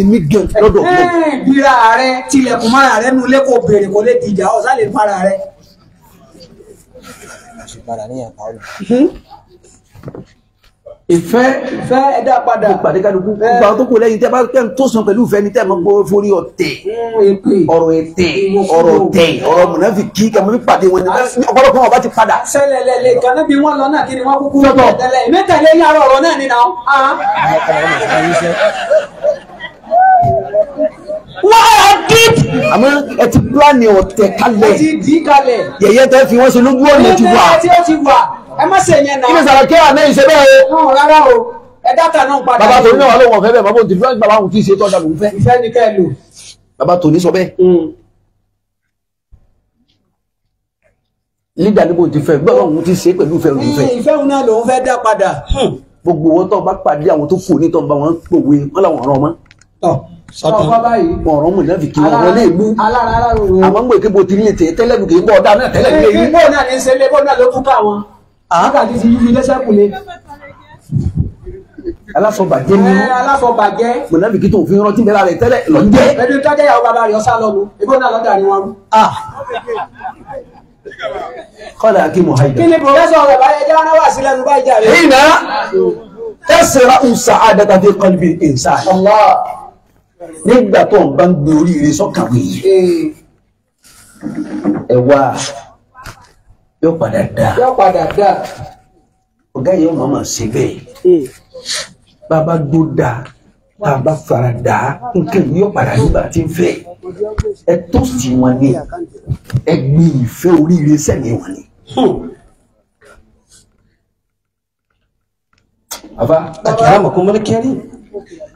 mí gan lọ́dọ̀ mi. bíra rẹ tilẹ̀kùn mọ́ra rẹ nulẹ̀ kò béèrè kò lè dìjà ọ̀ àṣepadà ní ẹ̀ka ọ̀nà. ìfẹ́ ìfẹ́ ẹ dá padà ìpàdé kálukú gbogbo àwọn tó kù lẹ́yìn tẹ́ bá tẹ́ ń tó sàn pẹ̀lú ìfẹ́ ni tẹ́ mọ́ pé forí ọ̀tẹ̀ ọ̀rọ̀ ẹ̀tẹ̀ ọ̀rọ̀ ọ̀tẹ̀ ọ̀rọ̀ mùnàfi kí kàmú ní pàdé wọn ọ̀pọ̀lọpọ̀ wọn bá ti padà. sẹlẹlẹlẹ kanna bí wọn lọ náà kí ni wọn kúkú tẹlẹ mẹ́ta lé ní àárọ̀ ọ̀rọ̀ náà nínú wọ́n deep. àmọ́ ẹ ti pílánì ọ̀tẹ̀ kalẹ̀. ẹ ti dì í kalẹ̀. yẹ̀yẹ́ tẹ́ fi wọ́n ṣe lójú ọ̀nà ti wà. ẹ ti ó ti wà ẹ má ṣe yẹn náà. kí ni sàrà kí wà náà ṣe bẹ́ẹ̀ o. rárá o ẹ dáta náà padà. bàbá tòun náà wà lóun ọ̀fẹ́ bẹ́ẹ̀ bàbá òun ti fi wọ́n bàbá òun kì í ṣe tọ́jà lòun fẹ́. ìfẹ́ ni kẹ́ ẹ lò. bàbá tòun sọ bẹ́ẹ̀. Hmm. lídà níbo ti fẹ́ gbọ́dọ̀ òun ti ṣe pẹ̀lú ìfẹ́ òun fẹ́. Hmm, ìfẹ́ òun náà lòun fẹ́ dá padà. Hmm. gbogbo wọn tó bá pàdé àwọn tó fò ní tó ń bá wọn pòwe wọn làwọn ọ̀ràn ọmọ ọkọ báyìí ọ̀rọ̀ mọ náà fi kí ọ̀rọ̀ náà gbú alára alára òwe àmọ́ ń gbé kébò tí nílé tẹ tẹ́lẹ̀ gbé bọ ọdá náà tẹ́lẹ̀ gbé yìí. bó náà ní ṣe lé bó náà ló tún ká wọn. Ah? nígbà tí ti yí fi lẹ́sẹ̀ kù lé. aláfọbàjẹ́ ni aláfọbàjẹ́. mọ náà fi kí tó fi rántí bẹ́ẹ̀ rẹ̀ tẹ́lẹ̀ lọ jẹ́. ẹni tọ́jà yà ọba rẹ̀ ọ̀sá lọ́nu ibó náà lọ́dà ni wọn. Ah. kọ́dà kí mo haida. kí ni pòfẹ́sọ̀ rẹ̀ báyẹn jẹ́ wọn wá sílẹ̀ nígbà tó ń bá ń gbé oríire sọ́kàn mi ẹ wá yóò padà dá yóò padà dá ọ̀gá yẹn mọ̀ mọ̀ sí bẹ́ẹ̀ bàbá gbó dá bàbá fara dá nǹkan yóò padà nígbà tí ń fẹ́ ẹ tó sì wọn ni ẹ gbin ìfẹ́ oríire sẹ́ni wọn ni. Hmm. àbá àkìrá mọ̀kúnmọ́lẹ́kẹ́rin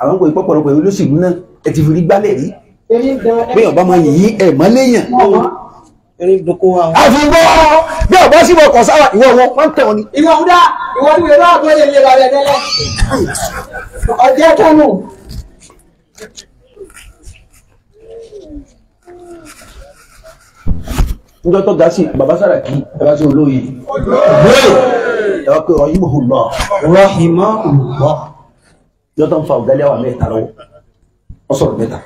àwọn kò ìpọpọlọpọ ìwé olóṣèlú náà ẹ ti fi rí gbálẹ̀ rí bí ọba máa yìí ẹ mọ léèyàn. àfìgbọ́ bí ọba sì wọ kọ̀sáwà ìwọ wọn wọn tẹ̀ wọn ni. ìwọ ń dá ìwọ ní ìwé náà tó lè lè balẹ̀ tẹ́lẹ̀ ọjọ́ kánú. njọ tó ga sí baba Sàràkí ẹ bá sí olóyè olóyè ẹ wá pé ọyún mọ̀ ọ́ lọ yóò tó ń fa ọ̀gá lẹ́wà mẹ́ta lọ́wọ́ ọ sọ̀rọ̀ mẹ́ta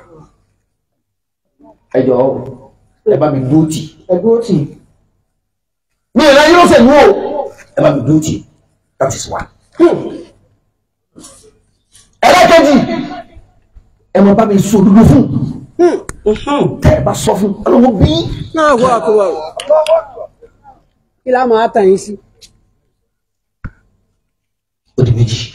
ẹ jọ ẹ bá mi dúró tì. ẹ dúró tì. mi ò láyé lọ́sẹ̀ nù o ẹ bá mi dúró that is one. ẹlẹ́kẹ̀jì ẹ máa bá mi sọ òdodo fún tẹ́ ẹ bá sọ fún ọlọ́wọ́ bí. náà wọ àkọwà o kí la máa tàn yín sí. ó di méjì.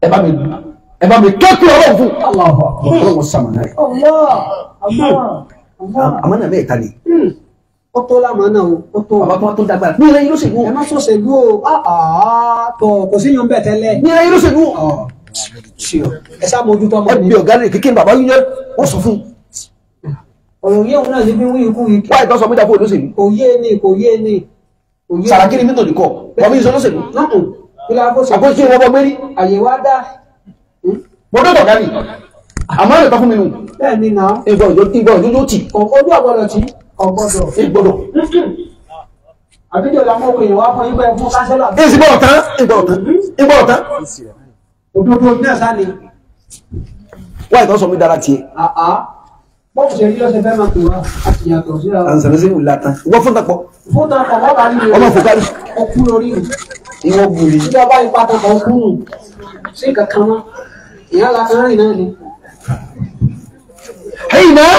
ẹ bá mi ẹ bá mi kékeré ọlọ́run fún ọlọ́run sàmùnà rẹ. àmọ́ náà mẹ́ta ni. Hmm. ó tó lámàá náà ó tó. bàbá tó wá tó ní ilé yìí ló ṣèlú. ẹ má sọ ṣèlú o ah, ah, tọ kò sí yan bẹ́ẹ̀ tẹ́lẹ̀. ní ilé yìí ló ṣèlú. Ah, ẹ sá mojú tọ́ mọ́ mi. ọ̀gbìn ọ̀gá rẹ̀ kékeré bàbá yíyan wọ́n sọ fún ọ̀rọ̀ òun náà ṣe fi wí ikú yìí. wáyé tó sọ mí dá fún olóṣèlú. kò yé ni kò àkóso ìwọ bọ gbérí. àyè wá dá. Hmm? mo dọ́dọ̀ dání àmọ́ ẹ̀rọ tó fún mi nù. bẹ́ẹ̀ni náà. ìgbọ̀n ìjọ ìgbọ̀n ìjọ yóò tì. ojú ọ̀gbọ́dọ̀ tì. ọ̀gbọ́dọ̀. ìgbọ̀dọ̀. àbíjọ làwọn ọkùnrin wa fún ibẹ̀ fún kánsẹ́là. ìsìnbọ̀ ọ̀tán ìgbọ̀ ọ̀tán ìgbọ̀ ọ̀tán. òdodo ní ẹ̀sán ni. wáyé tó sọ mi dára tiẹ̀ bọ́ọ̀bù ṣe rí lọ́sẹ̀ fẹ́ẹ́ máa tó wá àti yàtọ̀ síra. àǹsàrẹ́ sí ìwúlá tán wọ́n fún tapọ̀. fún tapọ̀ bọ́ọ̀bù àríwá ọmọ fòkárì. ọkú lórí rẹ̀. ìwọ bùrì. ìjọba ìpa tapọ̀ ọkú nù sí kankan mọ́ ìyá lásán rìn náà ni. ẹ̀yìn náà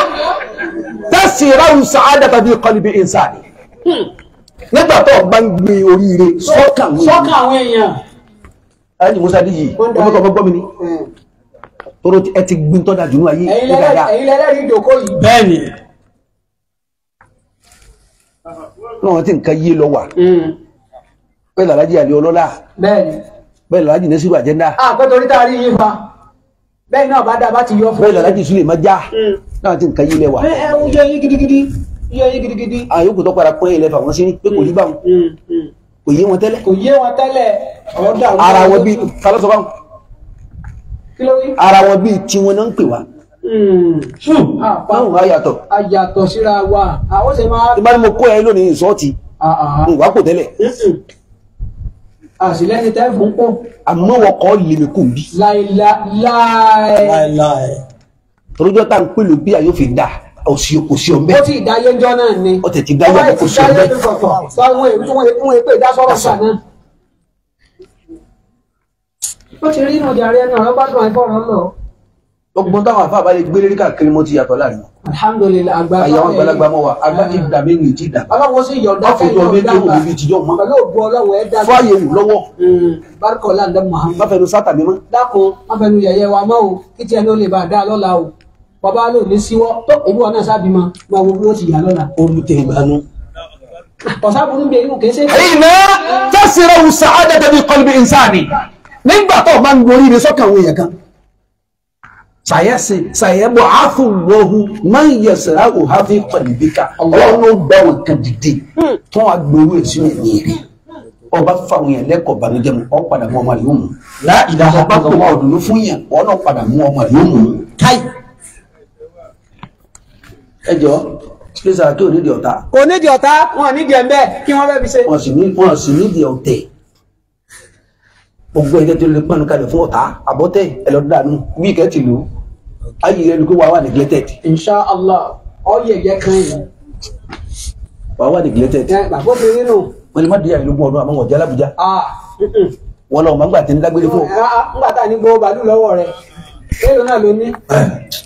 tẹ̀sí ráhùn sàádà tàbí kọ́líbi ìsàlẹ̀ nígbà tó bá ń gbé oríire sọ́kà àwọn èèyàn toro ẹ ti gbin tọ́jà jù ní ayé ìdàdà. ẹ̀yin lẹ́lẹ́rìí ìdòkó yìí. bẹ́ẹ̀ni. náà tí nǹkan yé lọ wà. bẹ́ẹ̀ hmm. làlájì àlè ọlọ́lá. bẹ́ẹ̀ni. bẹ́ẹ̀ làlájì agenda. Ah, àpẹtọ́rí tá a rí yín fa bẹ́ẹ̀ náà bá dáa bá ti yọ fún. bẹ́ẹ̀ làlájì sùlè má já hmm. náà tí nǹkan yé lẹ wà. ẹ ń yọ yín gidigidi yọ yín gidigidi. àyòkù tó padà pọ́n ilẹ̀ fà wọ́n sí pé kò rí báwọn hmm, kò yé wọn tẹ́lẹ̀. kò yé wọn tẹ́lẹ̀. ara wọn bí kalọ́sọ báwọn ara wọn bíi tiwọn náà ń pè wá. Hmm. Ah, báwo máa yàtọ̀. a yàtọ̀ síra wa àwọn ṣe máa. tí bá ní mo kó ẹ lónìí ìsọ́ọ̀tì ìwà ah, ah. kò tẹ́lẹ̀. àṣìlẹ́sẹ̀ tẹ́ fún pọ̀. àmọ́ wọn kọ́ lèmi kò bí. láìláì. torójọ́ tá à ń pè ló bí àyò fi dà òsì kò sí ọmọ ẹ. ó ti ìdáyé jọ náà ni. ó ti ìdáyé jọ kò sí ọmọ ẹ. ó ti ìdáyé jọ kò sí ọmọ ẹ ó ti rí inú jàre náà lọ́gbàdùn àìfọ̀rọ̀ lọ. ọgbọ́n táwọn àfa àbálẹ̀ gbélé rí káàkiri mo ti yàtọ̀ láàrin wọn. alhamdulilayi agbára ẹ̀ àyàwó àgbàlagbà mọ́ wa agbá ti dà mí nìyí ti dà. aláwọ̀ sì yọ̀ọ̀dá fẹ́ yọ̀ọ̀dá wa pẹ̀lú ògbó ọlọ́wọ̀ ẹ̀ dá. fáyé wù lọ́wọ́. Hmm, barika ọ̀làǹdà muhammed. má fẹnu sátà mi mọ́. dákun má fẹnu yẹ̀yẹ́ wa mọ́ o kí tiẹ̀ ní o lè bá a dá lọ́la o bàbá náà sábì mọ́ máa wo bí wọ́n nígbà tó bá ń gorí ire sọ́kàn àwọn èèyàn kan sàyẹ́sì sàyẹ́bọ̀ àfùwọ́hu máa ń yẹsẹ̀rá òháfi kọ̀lìbíkà ọlọ́run ló gbà wọn kan dìde tó wọn gbowó èsì ní ìrì ọba fáwọn yẹn lẹ́kọ̀ọ́ bànújẹ́ mu ọ padà mú ọmọ yìí mú ọba kò wọ́n ọ̀dùnú fún yẹn ọ náà padà mú ọmọ yìí mú káì. ẹ jọ ṣé sàkí ò nídìí ọ̀tá. kò wọn ò nídìí ẹ̀ ń kí wọ́n fẹ́ fi ṣe. wọ́n sì ní wọ́n sì nídìí ọ̀tẹ̀ ogun ẹgbẹ́ tó lè pọnù kalẹ̀ fún ọ̀tá àbọ̀tẹ̀ ẹlọ́dàánú bí ìkẹ́ tìlú ayé rẹ lùkú wàá wà neglected. insha allah ọyẹ ẹgẹ kan yìí. wàá wà neglected. bàbá obìnrin nù. wọ́n lè má di àìlógún ọdún àmọ́ wọ́n alábùjá. Ah, wọ́n lọ màgbà tí ń dágbére fún. ngbà ah, ah, tá a ní gbowó bàálù lọ́wọ́ rẹ̀ lẹ́yìn náà ló ní. Eh.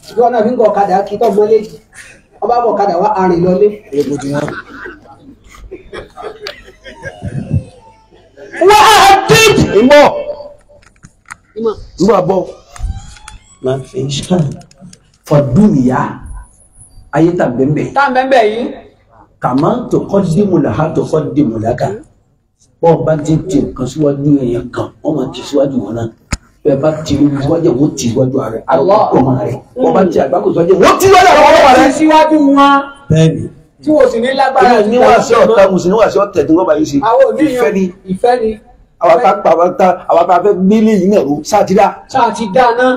ìjọba náà fi ń gọ ọ̀kadà kí tọ́gbọ́n ọba bọ̀ ọ̀kadà wá arìn lọlé wá dìd. ìmọ̀ ìmọ̀ àbọ̀ máa fi ṣáà fọdúnìyá ayé tàbẹ́ńbẹ́. tàbẹ́ńbẹ́ yìí. kàmá tó kọ́ dìmú làhá tó kọ́ dìmú làkà bọ́ọ̀ bá ti ti nǹkan síwájú èèyàn kan wọ́n máa ti síwájú wọn náà bẹ́ẹ̀ bá ti wájú wọn ti wájú rẹ̀ àlọ́ ọmọ rẹ̀ bọ́ọ̀ bá ti àgbákò sọ́jọ́ wọn ti wájú àwọn ọmọ rẹ̀ síwájú wọn. bẹ́ẹ̀ni tí wọ́n sì ní lágbára. èyí ní wàá sí ọ̀tá mo sì ní wàá sí ọ̀tẹ̀ tí wọ́n bá yín ṣe ìfẹ́ ni ìfẹ́ ni. àwọn ta pa àwọn ta àwọn ta fẹ́ gbélé yìí náà ro sáà ti dá. sáà ti dá náà.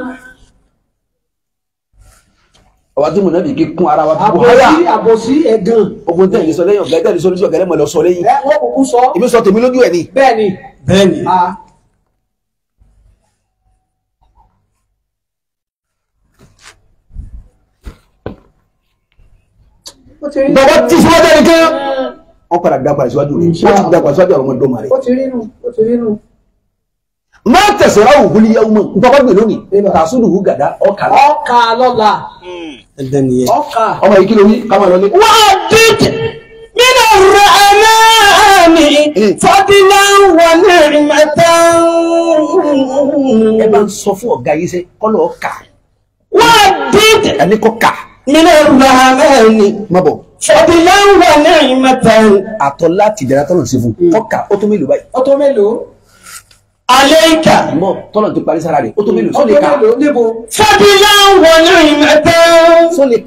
àwọn tí mo náà bìí kí kún ara wa. àbòsí àbòsí ẹ̀gàn. ogun tẹ̀lé sọ lẹ́yìn ọ̀gá tẹ̀lé sọ lójú ọ̀gá lẹ́mọ̀ lọ sọ lẹ́yìn. wọ́n kúkú sọ. èmi sọ tèmi lójú ẹ̀ ni. bẹ́ẹ̀ ni. bẹ́ẹ̀ ni. Ah. bàbá tí síwájú ẹni kẹ́ wọ́n padà dàgbà síwájú rẹ̀ wọ́n ti dàgbà síwájú àwọn ọmọdé ọmọ rẹ̀. má tẹ̀sán ráwù wúlí yá ọmọ ntọ́ba gbè lónìí tàṣùdù wù gàdá ọkà lọ. ọkà lọ́la. ẹ̀dẹ̀ hmm. nìyẹn ọmọ yìí kí ló wí káwọn lọ ní. wà á dídì nínú rẹ̀ ẹ̀ná mi hmm. fọ́dínà wà ní ìrìnàtà. ẹ bá ń sọ fún ọ̀gá yìí sẹ́ kọ́lọ̀ ọ̀kà. wà á dídì. ẹni kọ́ kà nínú ìmọ̀hámẹ́ni. mọ̀bọ̀. ṣàbílá ń wà ní ìmọ̀ta. àtọ̀ láti dára tọ́lọ̀ sí fún hmm. kọ́ka ó tó mélòó báyìí. ó tó mélòó. alẹ́ ìkà. mọ tọ́lọ̀ ti parí sára rẹ̀ ó tó mélòó sọ́lẹ̀ ká. ṣàbílá ń wà ní ìmọ̀ta. sọ́lẹ̀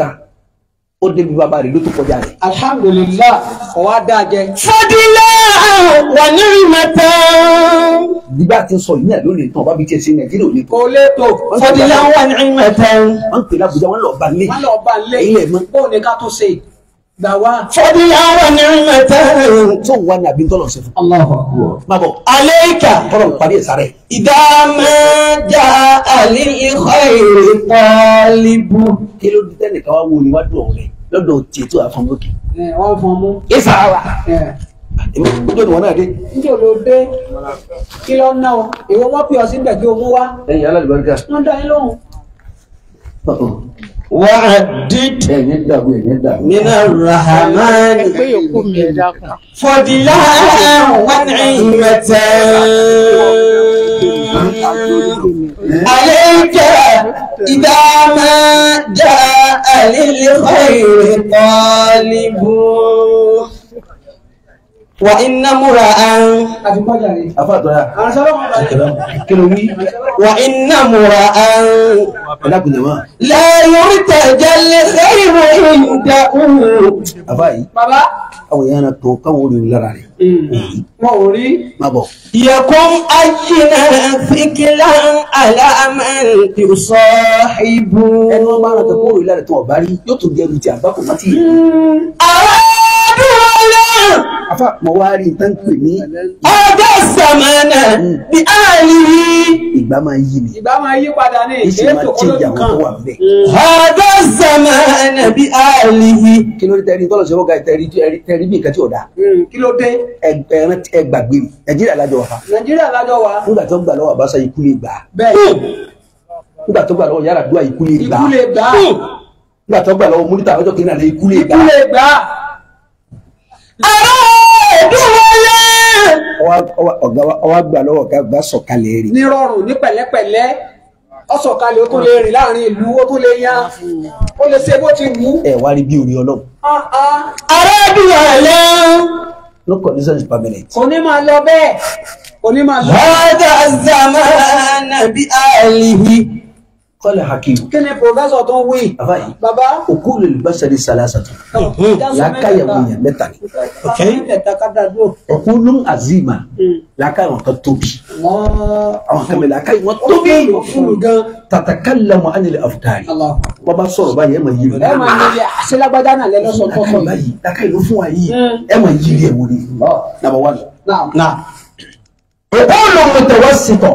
ká ó débi bàbá rẹ̀ ló tó kọjá rẹ̀. alhamdulilah ọwọ́ adá jẹ. fadilá wà ní ìmọ̀tá. nígbà tí ń sọ yìí náà lónìí tán ọba bíi tiẹ̀ sí nàìjíríà ò ní. kò lè tó fadilá wà ní ìmọ̀tá. wọ́n ń pè lábùjá wọ́n lọ bá lé. wọ́n lọ bá lé. ilé mọ́. bóun ni ká tó ṣe dàwa. fọdí yàrá ni mẹ tẹ. tó wà ní àbí tọ́lọ̀ sí fún. má bọ̀ aleika tọ́lọ̀ ń parí ẹ̀ sáré. ìdámẹ́jà àlè ìkọ́ èrè pọ́líbù. kí ló dé tẹ́lẹ̀ káwá wo ni wá dùn ọ̀rẹ́ lọ́dọ̀ tètò àfọmọ́kì. wọ́n fọ mú. ìsà wa. èmi ojú ìwọ̀n náà dé. njẹ́ o ló dé kí ló ná o ìwọ wọn pè ọ sí gbẹ̀gẹ́ owó wa. ẹ̀yin alálùbáríkà. wọ́n dá yín lóhùn. Uh-uh wàhádìd. ẹ̀yin dàgbé ẹ̀yin dàgbé. nínú rahamani. ẹgbẹ́ yòókù mi ẹ̀ dákun. fọdìlá wọn wà iná múra án afáàtọ́yà kìlọ̀ wí wà iná múra án ẹ̀dàkùnlẹ̀mọ́ lẹ́yìn oríta ìjẹ́lẹ̀ lẹ́yìn orin ìdá ohun àbáyí bàbá àwọn èèyàn tó káwọn orin lára rẹ̀ hmm. wọ́n ò rí má bọ̀. yẹ̀kún ayína fìkìlá aláàmẹ́rin tí ẹni wọn bá ràn kẹ́kọ̀ọ́ orin lára tó ọ̀bá rí yóò tún jẹ́ ibi tí àgbákò má ti yẹ. àwọn ọdún afa mo wá rí nǹkan pè ní. ọjọ́ sàmánà bí a lè rí. ìgbà máa yí ni. ìgbà máa yí padà ní ìṣe máa tí ìjà wọn tó wà bẹ́ẹ̀. ọjọ́ sàmánà bí a lè rí. kí ló dé ga teri teri teri nǹkan tí ò dáa. Hmm, kí ló dé. ẹran ẹ gbàgbé nàìjíríà lájọ wa. nàìjíríà lájọ wa. nígbà tó gbà lọ́wọ́ àbáṣá ikú lè gbà. bẹ́ẹ̀ nígbà tó gbà lọ́wọ́ yàrá dúà ikú lè gbà. ikú lè gbà. nígbà tó gbà lọ́wọ́ múlítà ọjọ́ kìnnìkan ikú lè gbà. ikú lè gbà ọ̀gá wa gbà lọ́wọ́ ọ̀gá gbà sọ̀kalẹ̀ rí. nírọ̀rùn ní pẹ̀lẹ́pẹ̀lẹ́ ọ̀sọ̀kalẹ̀ ó tún lè rìn láàrin ìlú ó tún lè yá ó lè ṣe bó ti wù. ẹ wá rí bí orí Ọlọ́run. arábìnrin àlẹ́. no condition is permanent. kò ní máa lọ bẹ́ẹ̀ kò ní máa lọ. lọ́dọ̀ zamana bí àlìyí kọ́lẹ̀ hakim. kí ni pòfẹ́sọ̀ tó ń wí. bàbá yìí bàbá òkú lè lè gbẹ́sẹ̀ ní salasa tó. làákàyàwó yẹn mẹ́ta ni. òkú ló ń azima hmm. làákàyàwó kan tóbi. àwọn kan bẹ làákàyàwó tóbi. tatakalamu anil afutari. bàbá sọ̀rọ̀ báyìí ẹ ma yiri. ẹ ma yiri selagbada náà lẹ lọsọ tọtọ. làákàyàwó fún wa yìí hmm. ẹ ma yiri ẹ wọlé. nàbà wà lọ. òkú ló ń tẹ̀wọ́ sitọ̀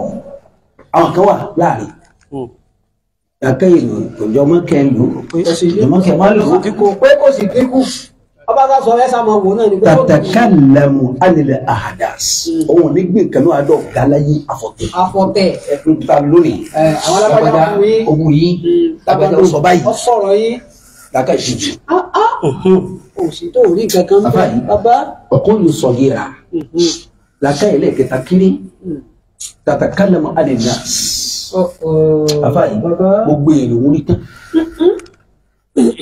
àwọn kan wà láàrin. Hmm dákẹ́ ìjọmọ́ kẹ́ lù ìjọmọ́ kẹ́ má lù. pé kò sì dínkù ọba ká sọ ẹsà máa wò náà ni. tàtàkà lẹ́mu alẹ́lẹ́ ahadas òun ní gbìǹkan náà àdó galaye afọ̀tẹ̀. afọ̀tẹ̀. ẹkùn ta lónìí. àwọn alábàjá òwú yìí alábàjá sọ báyìí. ọsọrọ yìí. dákẹ́ jìjì. òsì tó rí kankan mọ́ bàbá. ọkọ yóò sọ yìí rà. Mm-hmm. làkà yìí lẹ́ẹ̀kẹta kiri mm. tàtàkà lẹ́mu alẹ́lẹ́ ahadas. Oh, oh. àfa yìí gbogbo èrè òun rí tán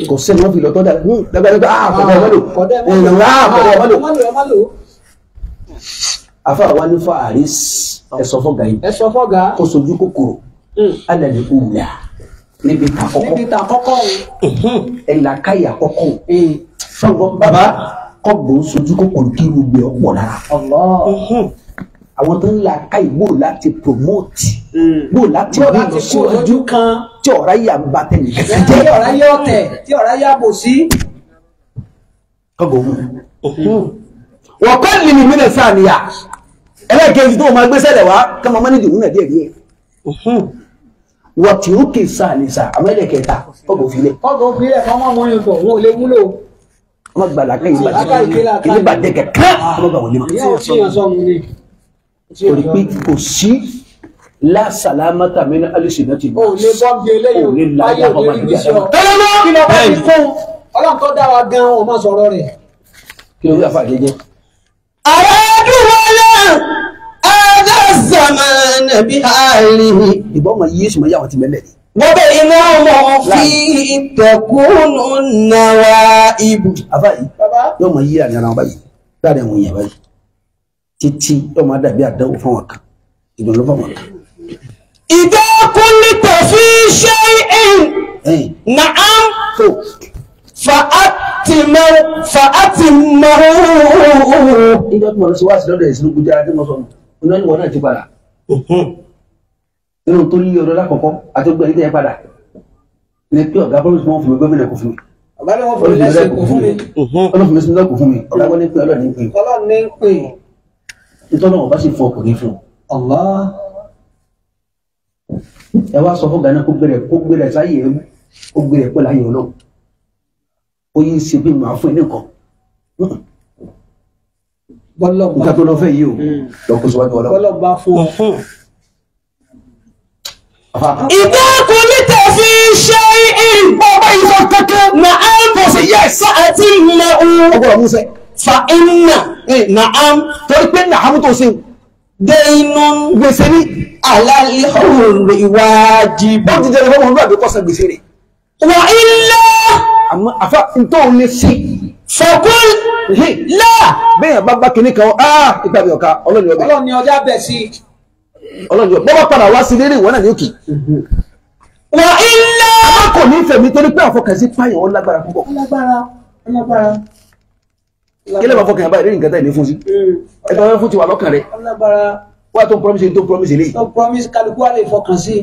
kò sẹ́ni wọ́n fi lọ́tọ́ dà ní dábàdàbà ah, àkọ́dà ọmọ lò ẹ̀rọ àkọ́dà ọmọ lò eh, ah, àfa wa ní fa àrísí ẹ̀sọ́ fọ́gà yìí ẹ̀sọ́ fọ́gà kó sojú kòkòrò hmm. alẹ́ òwúlà níbi ta kọ́kọ́ níbi ta kọ́kọ́ ẹ̀là káyà kọ́kọ́ fọwọ́ hmm. bàbá kọ́ gbòó sojú kòkòrò kí irú gbé ọ̀pọ̀ lára àwọn tó ń la káì bò láti promote hmm. bò láti bò láti kó lójú kan tí ọ̀rá yà ń ba tẹ̀lé kẹsẹ̀ jẹ́ tí ọ̀rá yà ọ̀tẹ̀ tí ọ̀rá yà bò sí. kọ́gọ̀ òun wọ́n kọ́ lè ní mílẹ̀ sáà níyà ẹlẹ́ẹ̀kejì tó máa gbé sẹ́lẹ̀ wá kọ́ máa mánìjì òun náà díẹ̀ díẹ̀ wọ́n tí ó kè sáà ní sáà àwọn ẹlẹ́ẹ̀kẹta kọ́gọ̀ òfìlẹ̀ kọ́gọ̀ òfìlẹ̀ fọmọ́ ọmọ yẹn bọ̀ wọn ò lè wúlò ọmọ gbàlá kẹ́yìn bàjẹ́ kẹ́yìn bàjẹ́ kẹ́kẹ́ ọmọ gbà wọlé mọ́ torí pé kò sí lásàlámátà mi ní alùsìnà ti bá òní bọ́ọ̀gì eléyìí òní láyé òní rí iṣẹ́ ọ. tọ́lọ́lọ́ kí ló bá ti fún ọlọ́run tó gan ọmọ sọ̀rọ̀ rẹ̀. kí ló ń gbà fàdé jẹ. àwọn ẹdùnmọ́ náà ẹgbẹ́ zamana bí àárín. ìbọn ọmọ yéésù mọ yàwọn ti mẹ́lẹ̀ ni. wọ́n bẹ iná ọmọ fi ìtẹ̀kùnú náà ibù. àbáyé yóò mọ yí àná báyìí láàrin àwọn èèyàn báyìí títí yóò máa dàbí àdánwò fáwọn kan ìdùnnú fáwọn kan. ìjọ kúnlítọ̀ fi ṣe ẹ̀yìn na á ń fò fàátì mọ́rùn-ún. ìjọ tí mo lọ sí wáàsí lọ́dọ̀ ìsinmi kújá adé mọ́ sọ́nù iná ìwọ náà ti padà nínú tó ní ọdọ lákọ̀ọ́kọ́ àti ọgbẹ́ ìdíyẹ padà ní pé ọ̀gá bọ́lú tí wọ́n fún mi gómìnà kò fún mi. ọ̀gá ni wọ́n fún mi lẹ́sẹ̀ kò fún mi. ọlọ́fun mi sí lọ́kùn fún mi ọ̀gá wọn ní pé ọlọ́ọ̀ni ń pè. ọlọ́ọ̀ni ń pè nítorí wọn bá sì fún ọkùnrin fún Allah ẹ wá sọ fún gánà kó gbèrè kó gbèrè sáyè kó gbèrè pẹ̀lú ayé ọlọ́run ó yí ń ṣe bí màá fún ẹ nìkan nǹkan tó lọ fẹ́ yìí o hmm. lọ́kùn síwájú ọlọ́run. ìdá kò ní tẹ̀sí ṣe ìgbọ́gbọ́ ìfọ̀ kankan na alpha sí yẹ sáà tí mo ń fa iná. Eh, nàám torí pé nàám tó ṣe dé inú gbèsè ní àlàyé ọ̀rọ̀ ìwádìí bó ti jẹ́ ìfọ́mọ̀ nígbà tó kọ́sàn gbèsè rẹ̀ wà ilẹ̀ àmọ́ àfà tó lè sí fọ́kún là bẹ́yàn bá bá kìíní kan á ìgbàgbé ọ̀ka ọlọ́ni ọbẹ̀ ọlọ́ni ọjà bẹ̀ sí ọlọ́ni ọbẹ̀ bọ́ padà wá sí lérí ìwọ náà ní òkè wà ilẹ̀ àmọ́ kò ní fẹ̀mí torí pé àfọkànsí páyọ̀ ó lágbára púpọ̀ ó lágbára kí lè máa fọkàn yàrá ìrírí nǹkan tẹ̀ ní fún sí ẹgbẹ́ wọn fún ti wà lọ́kàn rẹ̀ wà tó promise tó promise lè. promise kálukú wà lè fọkàn sí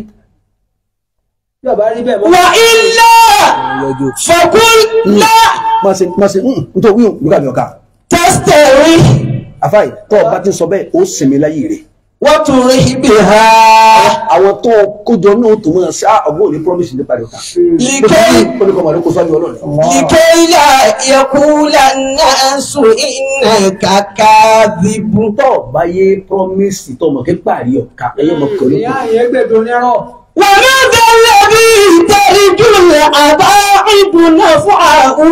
i. wà ilé fọkúnlá. má ṣe má ṣe hmm, nítorí wíwọ̀n lùkà mi ọ̀ka. tẹ́sítẹ̀ rí. àfáì tó o bá ti sọ bẹ́ẹ̀ ó sinmi láyé rẹ̀ wọ́n tún rí ibi ha. Ah, àwọn tó kójọ náà tó mọ̀ ṣá ọgbọ́n òní promise nípa rẹ̀ ká. ìké ìké ilà yẹkúlà náà sùn iná kàkà bíbú. tó o bá yé promise tó o mọ̀ kí pàrí ọ̀ka ẹ̀yẹ mọ̀ kọ́ ló kù. ìyá yẹn gbẹdọ̀ ní ẹ̀rọ. wọ́n ní bẹ́ẹ̀ bí ìtẹ́rí jùlọ àbá ìbùnà fún àrùn.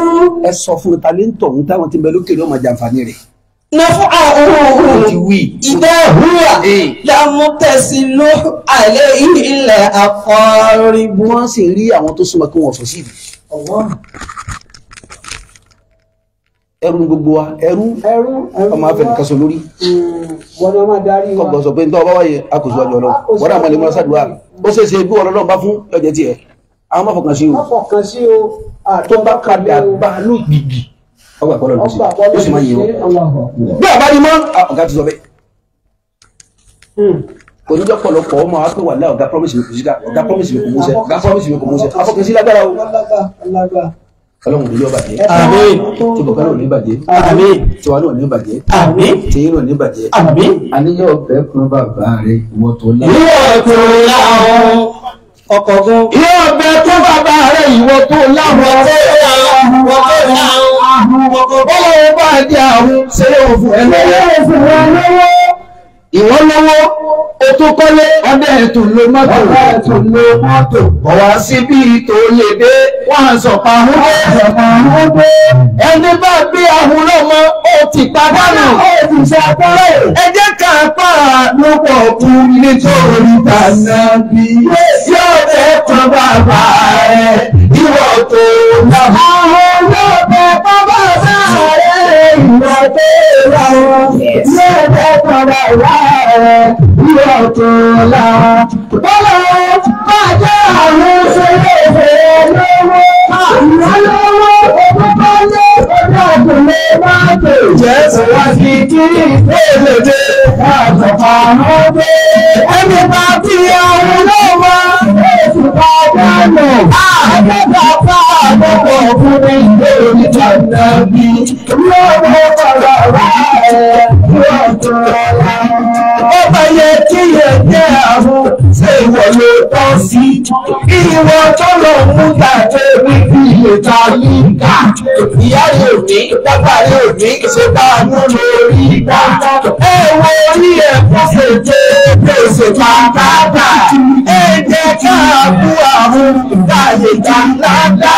ẹ sọ fún mi ta ni ń tọ̀ ń táwọn ti bẹ lókè ló máa jàǹfààní rẹ̀. نفعه إذا هو لم تسل عليه إلا أقارب wọ́n sì rí àwọn tó súnmọ́ kí wọ́n sọ sí ibi ẹrú ní gbogbo wa ẹrú ọmọ afẹnikaso lórí kọgbọn mm. sọ pé ní tọ́wọ́ bá wáyé akòsí wájú ọlọ́run ah, wọ́n àwọn ẹlẹ́mọ́ sàdúrà mm. ó ṣe é ṣe bí ọlọ́run bá fún ẹ̀jẹ̀ tiẹ̀ àwọn máfọkàn sí o ah, tó bá kalẹ̀ àgbà lóògbìgbì ọgbà kọlọ ló ṣe pọ̀lọpọ̀ ọmọ wa pé wà láì ọgá promise mi kò síga ọgá promise mi kò mú sẹ lágbára o kọlọ́hún ní yóò bàjẹ́ àmín tí ò ní bàjẹ́ tí wàá náà ò ní bàjẹ́ tí yín ò ní bàjẹ́ àníyàn ọbẹ̀ kún bàbá rẹ̀ ìwọ tó lá. yóò tó láwọn ọkọ̀ gan. yóò bẹ kún bàbá rẹ̀ ìwọ tó láwọn ọkọ̀ bọ́lá wọn bá dé àrùn ṣe é òfin ẹ lọ́wọ́ ìwọ lọ́wọ́ o tó kọ́lé ọdẹ ètò ló mọ́tò ọdẹ ètò ló mọ́tò ọ̀wá síbi tó lè dé wọ́n á sọ̀pá ahọ́n dé ẹni bá gbé ahun lọ́mọ ó ti padà nù ẹ jẹ́ ká pa lọ́pọ̀ kú nítorí bàtà bí yóò tẹ́ bàbá rẹ̀ ìwà tó dàbí. Àwọn olóògbé bàbá sáré ìwà tó rà wọ́n. Ilé ẹgbẹ́ padà wá ẹ̀ ìwà tó là wọ́n. Bọ́lá bàjẹ́ àwọn ṣẹlẹ̀ lówó. Àná lówó owó bá lé ojú àgbọ̀lẹ̀ máa tẹ̀. Jẹ́ sọ̀rọ̀ sí kí ìdílé dé. Àtọ̀pọ̀ àwọn dé. bí lọ́wọ́ bàbá rẹ̀ lọ́dún ọ̀la. Ọba yẹ kí yẹ jẹ́ àwọn ṣé ìwọ ló tọ́ sí. Ìwọ tó lọ mú tàbí la rí ìyá rẹ̀ ò bàbá rẹ̀ ò ní bá a mú lò rí ẹ wo orí ẹ̀ fún fèjé pèsè pàtàkì. ẹ jẹ́ ká bú àwọn ìdáyé jà ńláńlá.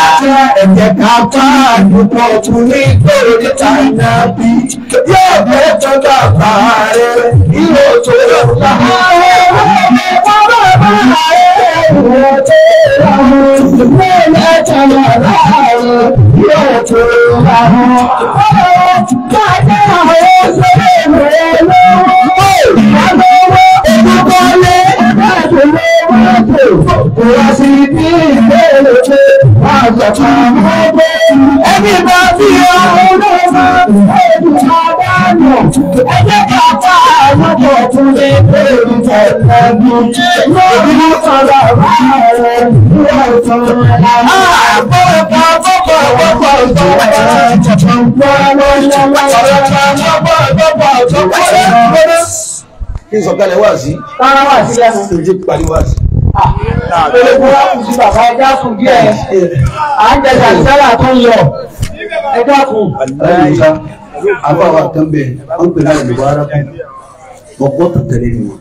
ẹ jẹ́ ká bá àdúgbò tún ní ìgboro ní china bí. yóò mẹ́tọ́ bàbá rẹ̀ ìrò tó lọ́wọ́. àwọn ọmọ ẹ̀kọ́ bàbá rẹ̀ ìrò tó ìlànà ìwé mẹ́ta yàrá àrùn yóò tó ìlànà. Ọ̀rọ̀ káàdé àwọn òṣèré ìwé lówó ìyàgbọ́wọ́ ìdúgbọ́lé láti lówó tó. Kò wá sí bí ìbéèrè pé àgbàtà máa gbé. Ẹbí bá fi ọ̀hún náà máa ń fẹ́ẹ̀dù àdánù. Ẹ jẹ́ ká pa àwọn ọ̀tún lé pé ìfẹ́ ẹ̀dùn. Lórí ọ̀rọ̀ rẹ̀ kí n sọ kálẹ̀ wá sí. rárá wá sí lẹ́nu. kò jẹ́ parí wá sí. olùkọ́ kù sí bàbá ẹja kù díẹ̀ à ń jẹ sàlìsálà tó ń lọ ẹja kù. aláìsá àbáwá kan bẹ wọn pè láàrin ìwà ara kù wọn gbọ́ tẹ̀lé ni wọn.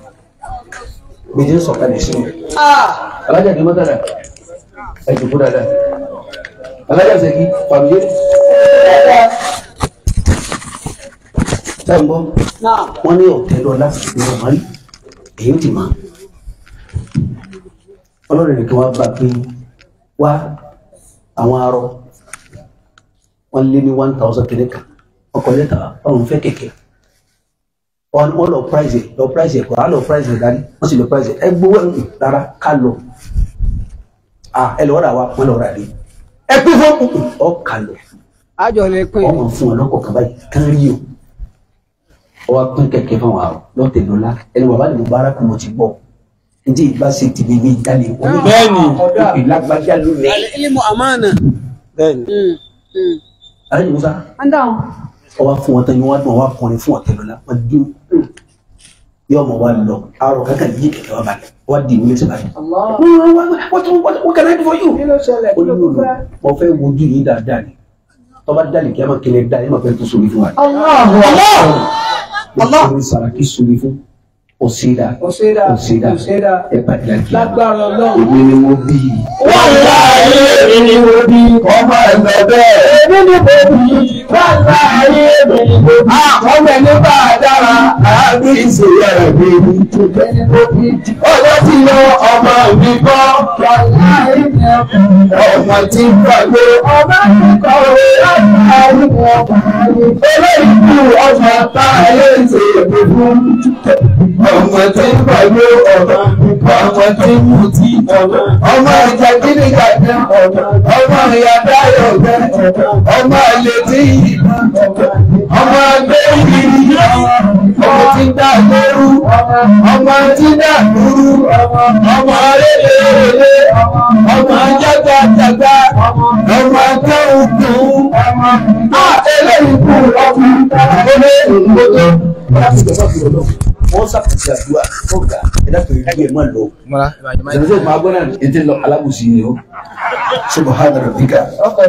gbèjẹ́ sọ̀kalẹ̀ sí wọn. alájà ni mọ́tàlá ẹ jòkó dáadáa alájà ṣèkí pàmìyé sẹ́ǹgbọ́n wọ́n ní ọ̀tẹ́ lọ́la ní ọ̀mọ́ rí èyí ti máa ọlọ́run nìkan wá gbà pé wá àwọn arọ wọn lé ní one thousand kìnìkan ọkọ̀ lẹ́tà ọ̀run fẹ́ kẹ̀kẹ́ wọn lọ price lọ price ẹ̀kọ́ á lọ price ẹ̀ dání wọ́n sì lọ price ẹ̀ gbowó rárá ká lọ ah lọ rà wá wọn lọ rà dé ẹ pín fún ọkà lọ àjọ lè pín ọmọ fún ọlọkọ kan báyìí kán rí o ọwọ pín kẹkẹ fún wa o lọtẹ lọla ẹni bàbá ni mo bára kó mo ti gbọ́ ǹjẹ́ ìgbà ṣe ti bèbè ìdálẹ omi bẹ́ẹ̀ni òkè lágbájá lónìí. ilimu amana. bẹ́ẹ̀ni. ayé musa. ọwọ fún wọn tán ni wọn dùn ọwọ akọrin fún ọtẹ lọla wọn dún yóò mọ wa lọ àrò kankan yí kẹkẹ wa balẹ̀ wa di mi ti balẹ̀. wọ́n tún wọ́n kàn láti fọ yóò. olùdó mo fẹ́ wojú yìí dáadáa ni tọ́ba dálì kí a máa kẹlẹ̀ dá yẹn máa fẹ́ tó sóbi fún wa. ọlọ́ọ̀ ọlọ́ọ̀ ọlọ́ọ̀ o sera o sera o sera o èmi ni mo bí. wọ́n yá èmi ni mo bí ọmọ ẹ̀mẹ́ bẹ́ẹ̀. èmi ni mo bí wọ́n yá èmi ni mo bí. àkọ́mọ ah, ẹni bá a dára àbí ìṣèyá rẹ̀ bí èmi tó bẹ́ẹ̀ ni mo bí. ọjọ́ tí lọ ọmọ mi bọ́. wọ́n yá ayé mi ọmọ tí ń gbàgbé. ọmọ mi kọ̀ wé láti ayé mi ọmọ mi. eléyìí kú ọmọ tá a lè ṣe èmi fún ọmọ tí ń pẹ̀lú ọ̀nà ọmọ tí ń mutí ọ̀nà ọmọ ìjà kíníkà jẹ́ ọ̀nà ọmọ ìyá dáyọ̀ jẹ́ ọmọ àlè tí yìí ọmọ agbé yìí ọmọ tí ń dá lóru ọmọ tí ń dá lóru ọmọ alélèrèlé ọmọ ajágbàjàgbà ọmọ akẹ́wùkẹ́wù á ah, eléyìí kú ọkùnrin eléyìí kú ọkùnrin bọ́lá tó jọba fi lọ wọ́n sàkóso àdúrà ọ̀gá ẹ̀dá tó yẹ kí ẹ̀ máa lọ. sọ̀rọ̀ máa gbọ́dọ̀ ètè o subahana rabbika. ọkọ̀